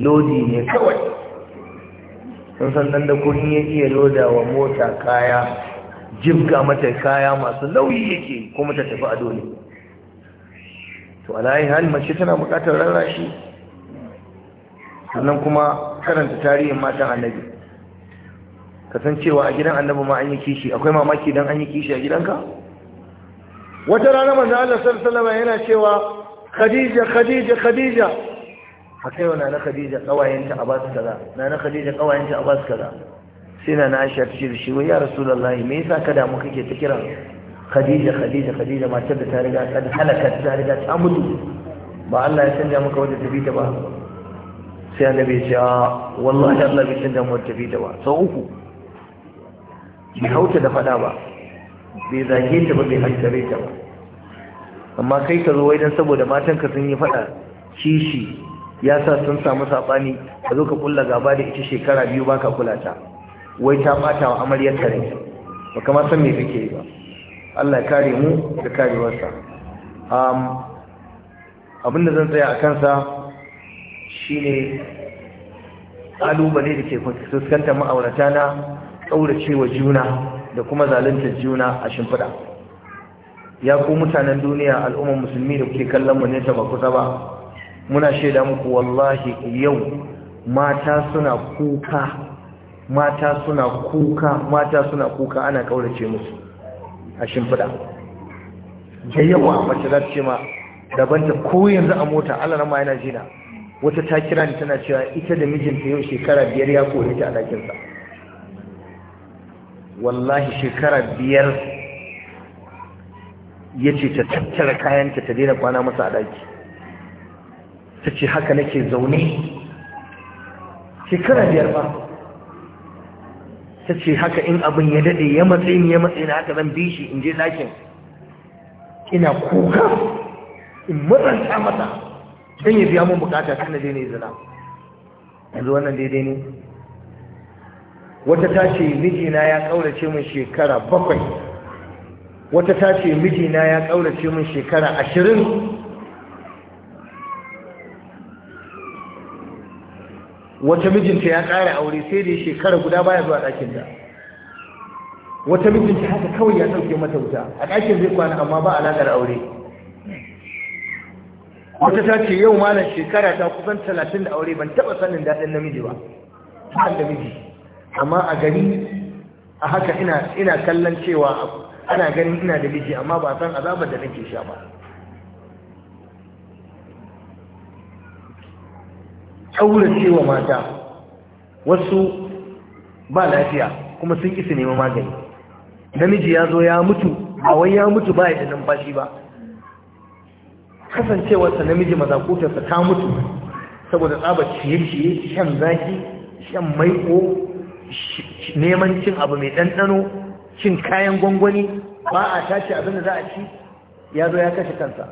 lodi ne kawai sun san dan da kun ya iya loda wa mota kaya jibga mata kaya masu lauyi yake kuma ta tafi a dole to alayi hali mace tana bukatar rarrashi sannan kuma karanta tarihin matan annabi kasancewa a gidan annabi ma an yi kishi akwai mamaki don an yi kishi a gidanka wata rana manzo Allah sallallahu alaihi yana cewa khadija khadija khadija akai wa nana khadija kawayenta a basu kaza nana khadija kawayenta a basu kaza sai nana Aisha ta ce da shi wai ya rasulullahi me yasa ka damu kake ta kira khadija khadija khadija matar da ta riga ta halaka ta riga ta mutu ba Allah ya sanya maka wata tafi ta ba sai annabi ya ce a ah, wallahi Allah bai sanya maka wata tafi ta ba sau uku bai hauta da fada ba bai zage ta ba bai hankare ta ba amma kai ka zo wai dan saboda matan ka sun yi fada kishi ya sa sun samu sabani ka zo ka kulla gaba da ita shekara biyu baka kula ta wai ta bata wa amaryar ta ne? ba kamar san me kake yi ba Allah ya kare mu da karewarsa um abin da zan tsaya a kansa shi ne alubale da ke fuskantar ma'aurata na kauracewa juna da kuma zalunta juna a shimfiɗa ya ku mutanen duniya al'ummar musulmi da kuke kallon mu ne ba kusa ba muna shaida muku wallahi yau mata suna kuka mata suna kuka mata suna kuka ana kaurace musu a shimfiɗa da yawa mace za ta ce ma daban ta ko yanzu a mota allah ma yana jina wata ta kira ni tana cewa ita da mijinta yau shekara biyar ya kore ta a ɗakinsa wallahi shekara biyar ya ce ta tattara kayanta ta daina kwana masa a ɗaki ta ce haka nake zaune shekara biyar ba ta ce haka in abin ya daɗe ya matsayi ni ya matsayi ni haka zan bi shi in je ɗakin ina kuka in matsanta mata don ya biya mun bukata kan na je ne zina yanzu wannan daidai ne wata ta ce mijina ya ƙaurace min shekara bakwai wata ta ce mijina ya ƙaurace min shekara ashirin wata mijinta ya ƙara aure sai da shekara guda baya zuwa ɗakin da wata mijinta haka kawai ya sauke mata wuta a ɗakin zai kwana amma ba alaƙar aure wata ta ce yau malam shekara ta kusan talatin da aure ban taɓa sanin daɗin namiji ba ta da miji amma a gani a haka ina kallon cewa ana ganin ina da miji amma ba san azabar da nake sha ba ce wa mata wasu ba lafiya kuma sun isa neman magani namiji ya zo ya mutu a wai ya mutu ba da numfashi ba kasancewarsa namiji mazakutarsa ta mutu saboda tsaba ciye-ciye shan zaki shan maiko neman cin abu mai ɗanɗano cin kayan gwangwani ba a tashi abin da za a ci ya zo ya kashe kansa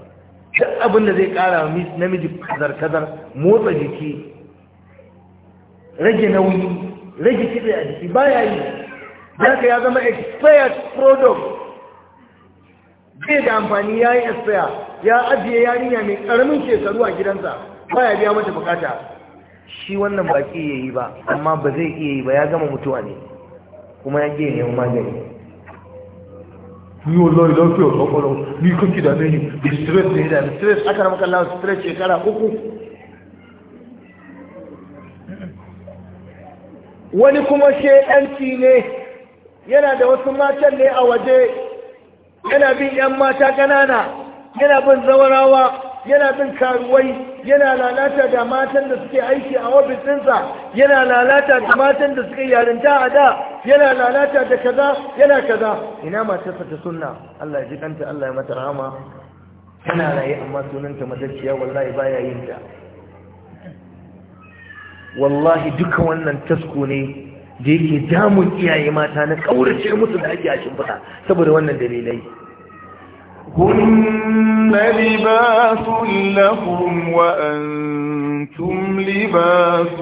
duk abin da zai ƙara namiji kazar-kazar motsa jiki rage nauyi rage kitse a jiki baya yi zaka ya zama expired product bai da amfani ya yi expire ya ajiye yarinya mai karamin shekaru a gidansa baya biya mata bukata shi wannan ba ke yi ba amma ba zai iya yi ba ya gama mutuwa ne kuma ya ke neman magani ni wallahi lafiya kwakwalwa ni kake da ne stress ne da stress aka ramaka lawa stress shekara uku wani kuma shedanci ne yana da wasu matan ne a waje yana bin yan mata ƙanana yana bin zawarawa yana bin karuwai yana lalata da matan da suke aiki a ofis ɗinsa yana lalata da matan da suke yarinta a da yana lalata da kaza yana kaza ina matarsa ta sunna Allah ya ji kanta Allah ya mata rahama Yana raye amma sunanta madalciya wallahi baya yin ta wallahi duka wannan tasko ne da yake damun iyaye mata na kaurace musu da ake a shimfiɗa saboda wannan dalilai هن لباس لهم وأنتم لباس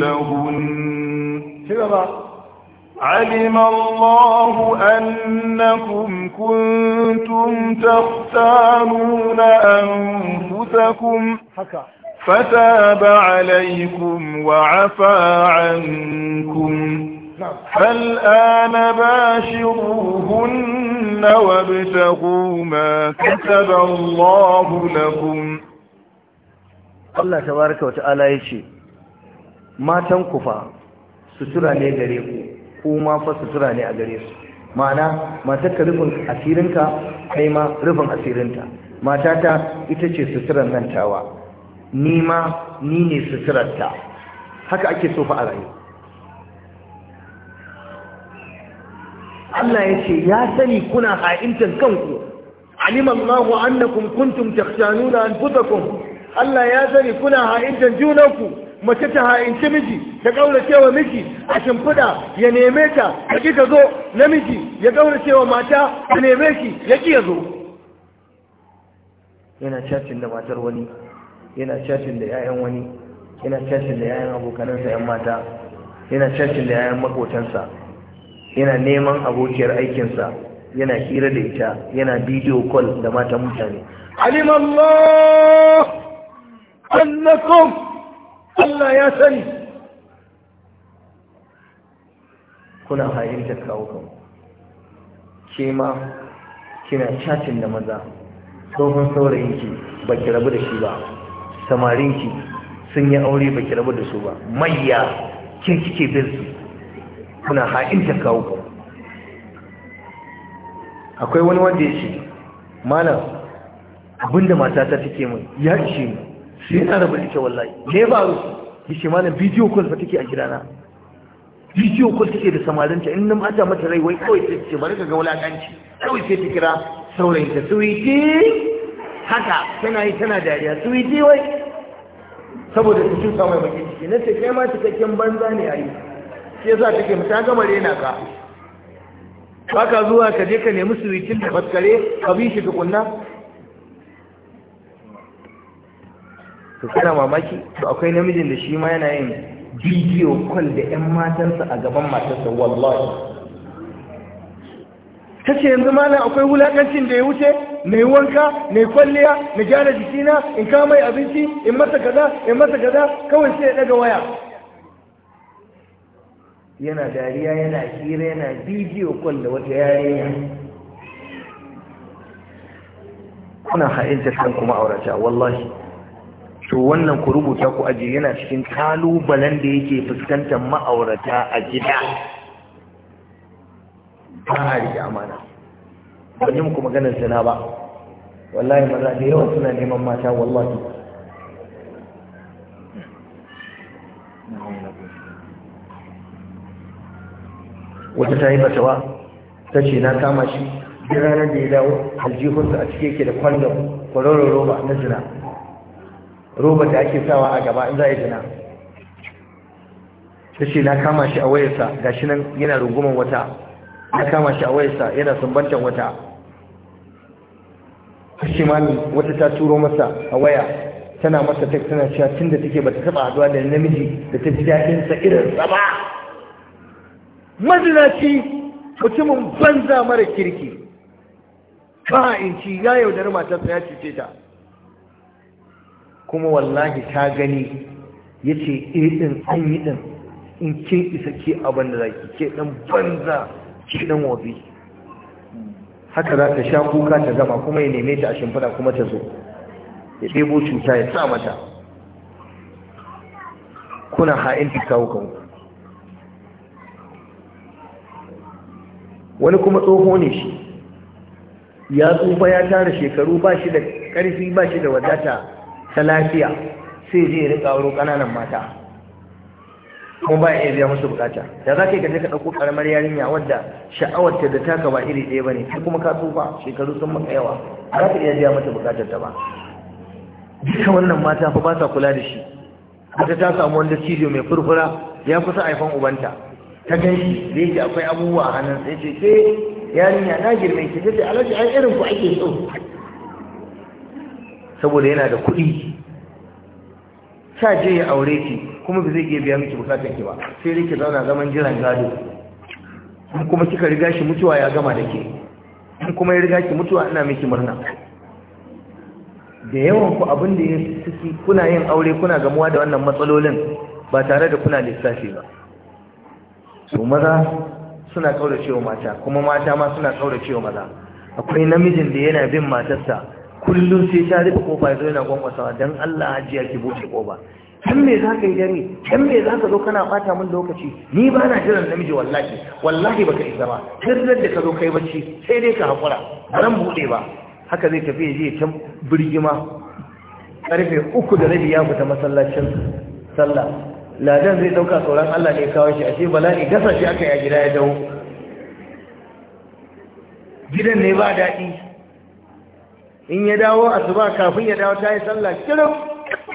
لهن علم الله أنكم كنتم تختانون أنفسكم فتاب عليكم وعفى عنكم فالآن باشروهن وابتغوا ما كتب الله لكم الله تبارك وتعالى يشي ما matan ku fa وما ne gare ma'ana matar ka rufin asirinka kai ma rufin asirinta matata ita ce suturan nan tawa ni ma ni ne suturarta haka ake so a rayu Allah ya ce ya sani kuna ha'intan kanku alimallahu annakum kuntum takhshanuna anfusakum Allah ya sani kuna ha'intan junanku mace ta ha'inci miji ta cewa miji a shimfiɗa ya neme ta ya kika zo namiji ya cewa mata ta neme shi ya ƙi zo yana cacin da matar wani yana cashin da 'ya'yan wani yana cashin da 'ya'yan abokanansa 'yan mata yana cashin da 'ya'yan makotansa yana neman abokiyar aikinsa yana hira da ita yana bidiyo call da matan mutane alimallah annakum Allah ya sani kuna hayinta kawo kan ke ma kina chatin da maza tsohon saurayin ki ba ki rabu da shi ba samarinki sun yi aure baki rabu da su ba mayya kin kike bin su kuna ha'in ta kawo ku akwai wani wanda ya ce malam abinda matata take min ya ishe mu sai na rabu da ke wallahi ne ba su ya ce malam bidiyo kwal fa take a gidana bidiyo kwal take da samarinta in nan mata mata rai wai kawai ta ce bari ka ga wulakanci kawai sai ta kira saurayinta suwiti haka tana yi tana dariya su yi jiwai saboda su cuta mai baki ciki na ce kai ma cikakken banza ne a yi shi za take mu ta gama rena ka ba ka zuwa ka je ka nemi cin da faskare ka bi shi tukunna su kana mamaki to akwai namijin da shi ma yana yin bidiyo kwal da 'yan matansa a gaban matansa wallahi ta ce yanzu malam akwai wulakancin da ya wuce na yi wanka na yi kwalliya na gyara jikina in kama mai abinci in masa gaza in masa kaza kawai sai ya daga waya yana dariya yana hira yana bidiyo kwan da wata yarinya kuna hain tafiyan kuma aurata wallahi to wannan ku rubuta ku aje yana cikin kalubalen da yake fuskantar ma'aurata a gida ba a riƙe amana Ban yi muku maganar zina ba wallahi maza da yawa suna neman mata wallahi wata ta yi fatawa ta ce na kama shi duk ranar da ya dawo aljihunsa a cike ke da kwallon kwaroron roba na zina roba da ake sawa a gaba in za a yi zina ta ce na kama shi a wayarsa ga shi nan yana rungumar wata a kama shi a wayarsa yana sumbantar wata shi wata ta turo masa a waya tana masa tek tana cewa tun da take bata taba haduwa da namiji da ta fi daɗin sa irin zama. mazinaci mutumin banza mara kirki ba ya yaudar matarsa ya cuce ta kuma wallahi ta gani ya ce irin eh, an yi ɗin in kin isa ke abin da ki ke ɗan banza shi ɗan wofi haka za ta sha kuka ta gama kuma ya neme ta a shimfiɗa kuma ta zo ya ɗebo cuta ya sa mata kuna ha'in ta kawo kawo wani kuma tsoho ne shi ya tsufa ya tara shekaru ba shi da ƙarfi ba shi da wadata ta lafiya sai zai riƙa wuro ƙananan mata kuma ba iya biya musu bukata da za ka yi gaje ka ɗauko ƙaramar yarinya wadda sha'awarta da taka ba iri ɗaya ba ne sai kuma ka tsufa shekaru sun maka yawa za ka iya biya mata bukatar ta ba duka wannan mata fa ba sa kula da shi wata ta samu wanda cijo mai furfura ya kusa aifan ubanta ta gan shi da yake akwai abubuwa a hannun sai ce ke yarinya na girme ki ta ce alhaji ai irin ku ake so saboda yana da kuɗi sa je ya aure ki kuma ba zai iya biya miki bukatar ki ba sai dai ki zauna zaman jiran gado in kuma kika riga shi mutuwa ya gama da ke in kuma ya riga ki mutuwa ina miki murna da yawan ku abin da ya suke kuna yin aure kuna gamuwa da wannan matsalolin ba tare da kuna lissafi ba su maza suna kauracewa mata kuma mata ma suna kauracewa maza akwai namijin da yana bin matarsa kullum sai ta rufe kofa ya zo yana gwangwasawa don Allah ajiya ki buɗe kofa dan me za ka yi dare dan me za ka zo kana bata min lokaci ni ba na jiran namiji wallahi wallahi baka isa ba sirrin da ka zo kai bacci sai dai ka hakura ba ran bude ba haka zai tafi je can birgima karfe uku da rabi ya fita masallacin sallah ladan zai dauka tsoron Allah ne kawo shi ashe bala'i gasa shi aka ya gida ya dawo gidan ne ba daɗi in ya dawo asuba kafin ya dawo ta yi sallah kiran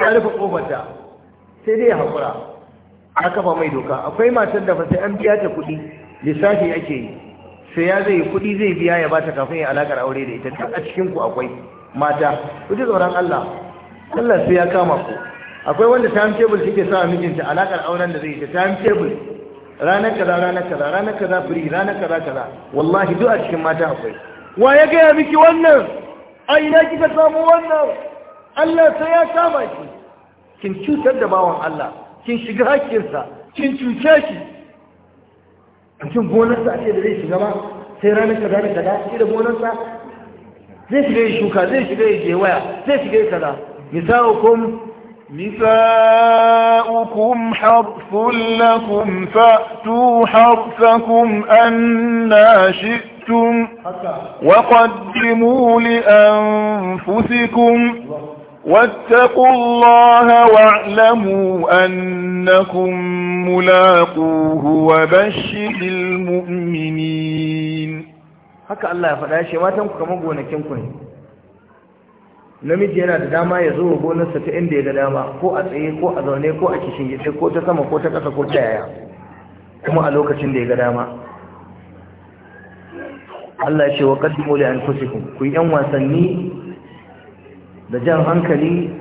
ya rufe kofar sai dai haƙura a kafa mai doka akwai matar da sai an biya ta kuɗi lissafi ake yi sai ya zai kuɗi zai biya ya bata kafin ya alaƙar aure da ita duk a cikin ku akwai mata ku ji tsoron Allah Allah sai ya kama ku akwai wanda time table ke sa mijinta alaƙar auren da zai ta time table ranar kaza ranar kaza ranar kaza free ranar kaza kaza wallahi duk a cikin mata akwai wa ya gaya miki wannan a ina kika samu wannan Allah sai ya kama ki kin cutar da bawan Allah kin shiga hakkinsa kin cuce shi mutum gonarsa a ce da zai shiga ba sai ranar kaza da kaza shi da gonarsa zai shiga ya shuka zai shiga ya je waya zai shiga ya kaza misalukum نساؤكم حرث لكم فأتوا حرثكم أنا شئتم وقدموا لأنفسكم واتقوا الله واعلموا أنكم ملاقوه وبشر المؤمنين haka Allah ya faɗa shi matan ku kamar gonakin ku ne namiji yana da dama ya zo gonarsa ta inda ya ga dama ko a tsaye ko a zaune ko a kishin gida ko ta sama ko ta ƙasa ko ta yaya kuma a lokacin da ya ga dama Allah ya ce wa kaddimu li anfusikum ku yi yan wasanni da jan hankali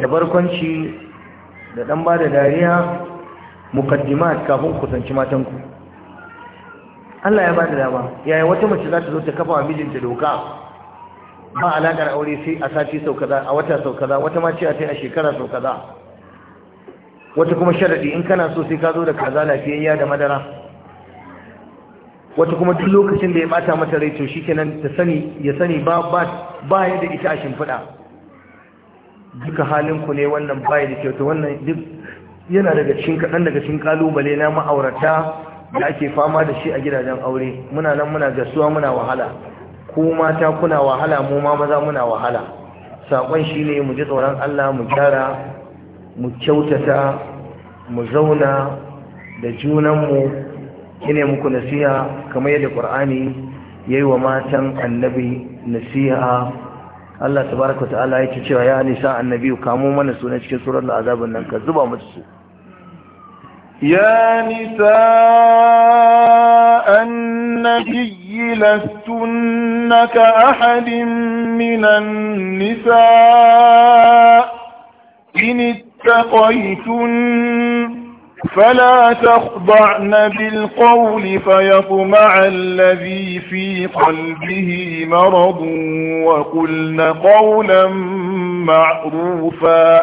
da barkwanci da ɗan ba da dariya mukaddimat kafin kusanci matanku Allah ya ba da dama yaya wata mace za ta zo ta kafa wa mijinta doka ba alaƙar aure sai a sati sau kaza a wata sau kaza wata ma ce a sai a shekara sau kaza wata kuma sharaɗi in kana so sai ka zo da kaza lafiyayya da madara wata kuma duk lokacin da ya bata mata rai to shikenan ta sani ya sani ba ba ba yadda ita a shimfiɗa duka halinku ne wannan bai da kyau wannan duk yana daga cikin kaɗan daga cikin kalubale na ma'aurata da ake fama da shi a gidajen aure muna nan muna gasuwa muna wahala ku mata kuna wahala mu ma maza muna wahala sakon shi ne mu ji tsoron Allah mu gyara mu kyautata mu zauna da junanmu kine muku nasiha kamar yadda Qur'ani yayi wa matan annabi nasiha Allah tabaraka wa ta'ala yake cewa ya nisa annabi kamo mana sunan cikin surar azabun nan ka zuba musu su يا نساء النبي لستن كأحد من النساء إن اتقيتن فلا تخضعن بالقول فيطمع الذي في قلبه مرض وقلن قولا معروفا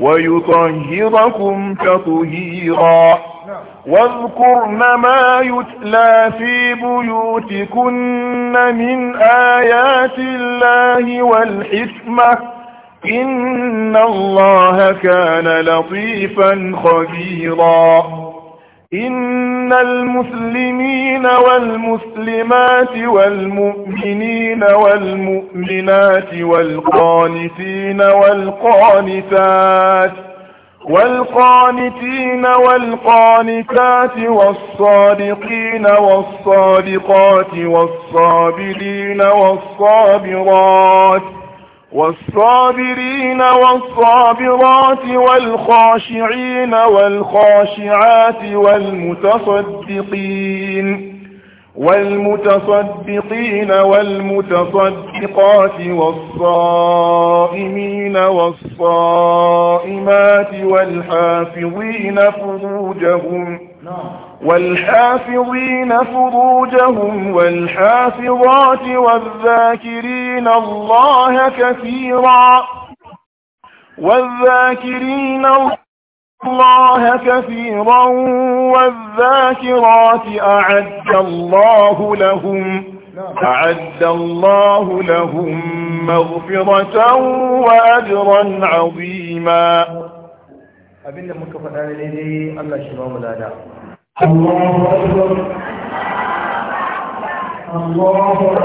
ويطهركم تطهيرا واذكرن ما يتلى في بيوتكن من آيات الله والحكمة إن الله كان لطيفا خبيرا إن المسلمين والمسلمات والمؤمنين والمؤمنات والقانتين والقانتات والقانتين والقانتات والصادقين والصادقات والصابرين والصابرات والصابرين والصابرات والخاشعين والخاشعات والمتصدقين والمتصدقين والمتصدقات والصائمين والصائمات والحافظين فروجهم نعم والحافظين فروجهم والحافظات والذاكرين الله كثيرا والذاكرين الله كثيرا والذاكرات أعد الله لهم أعد الله لهم مغفرة وأجرا عظيما أبنى مكفر آل الله شباب الأداء الله أكبر الله أكبر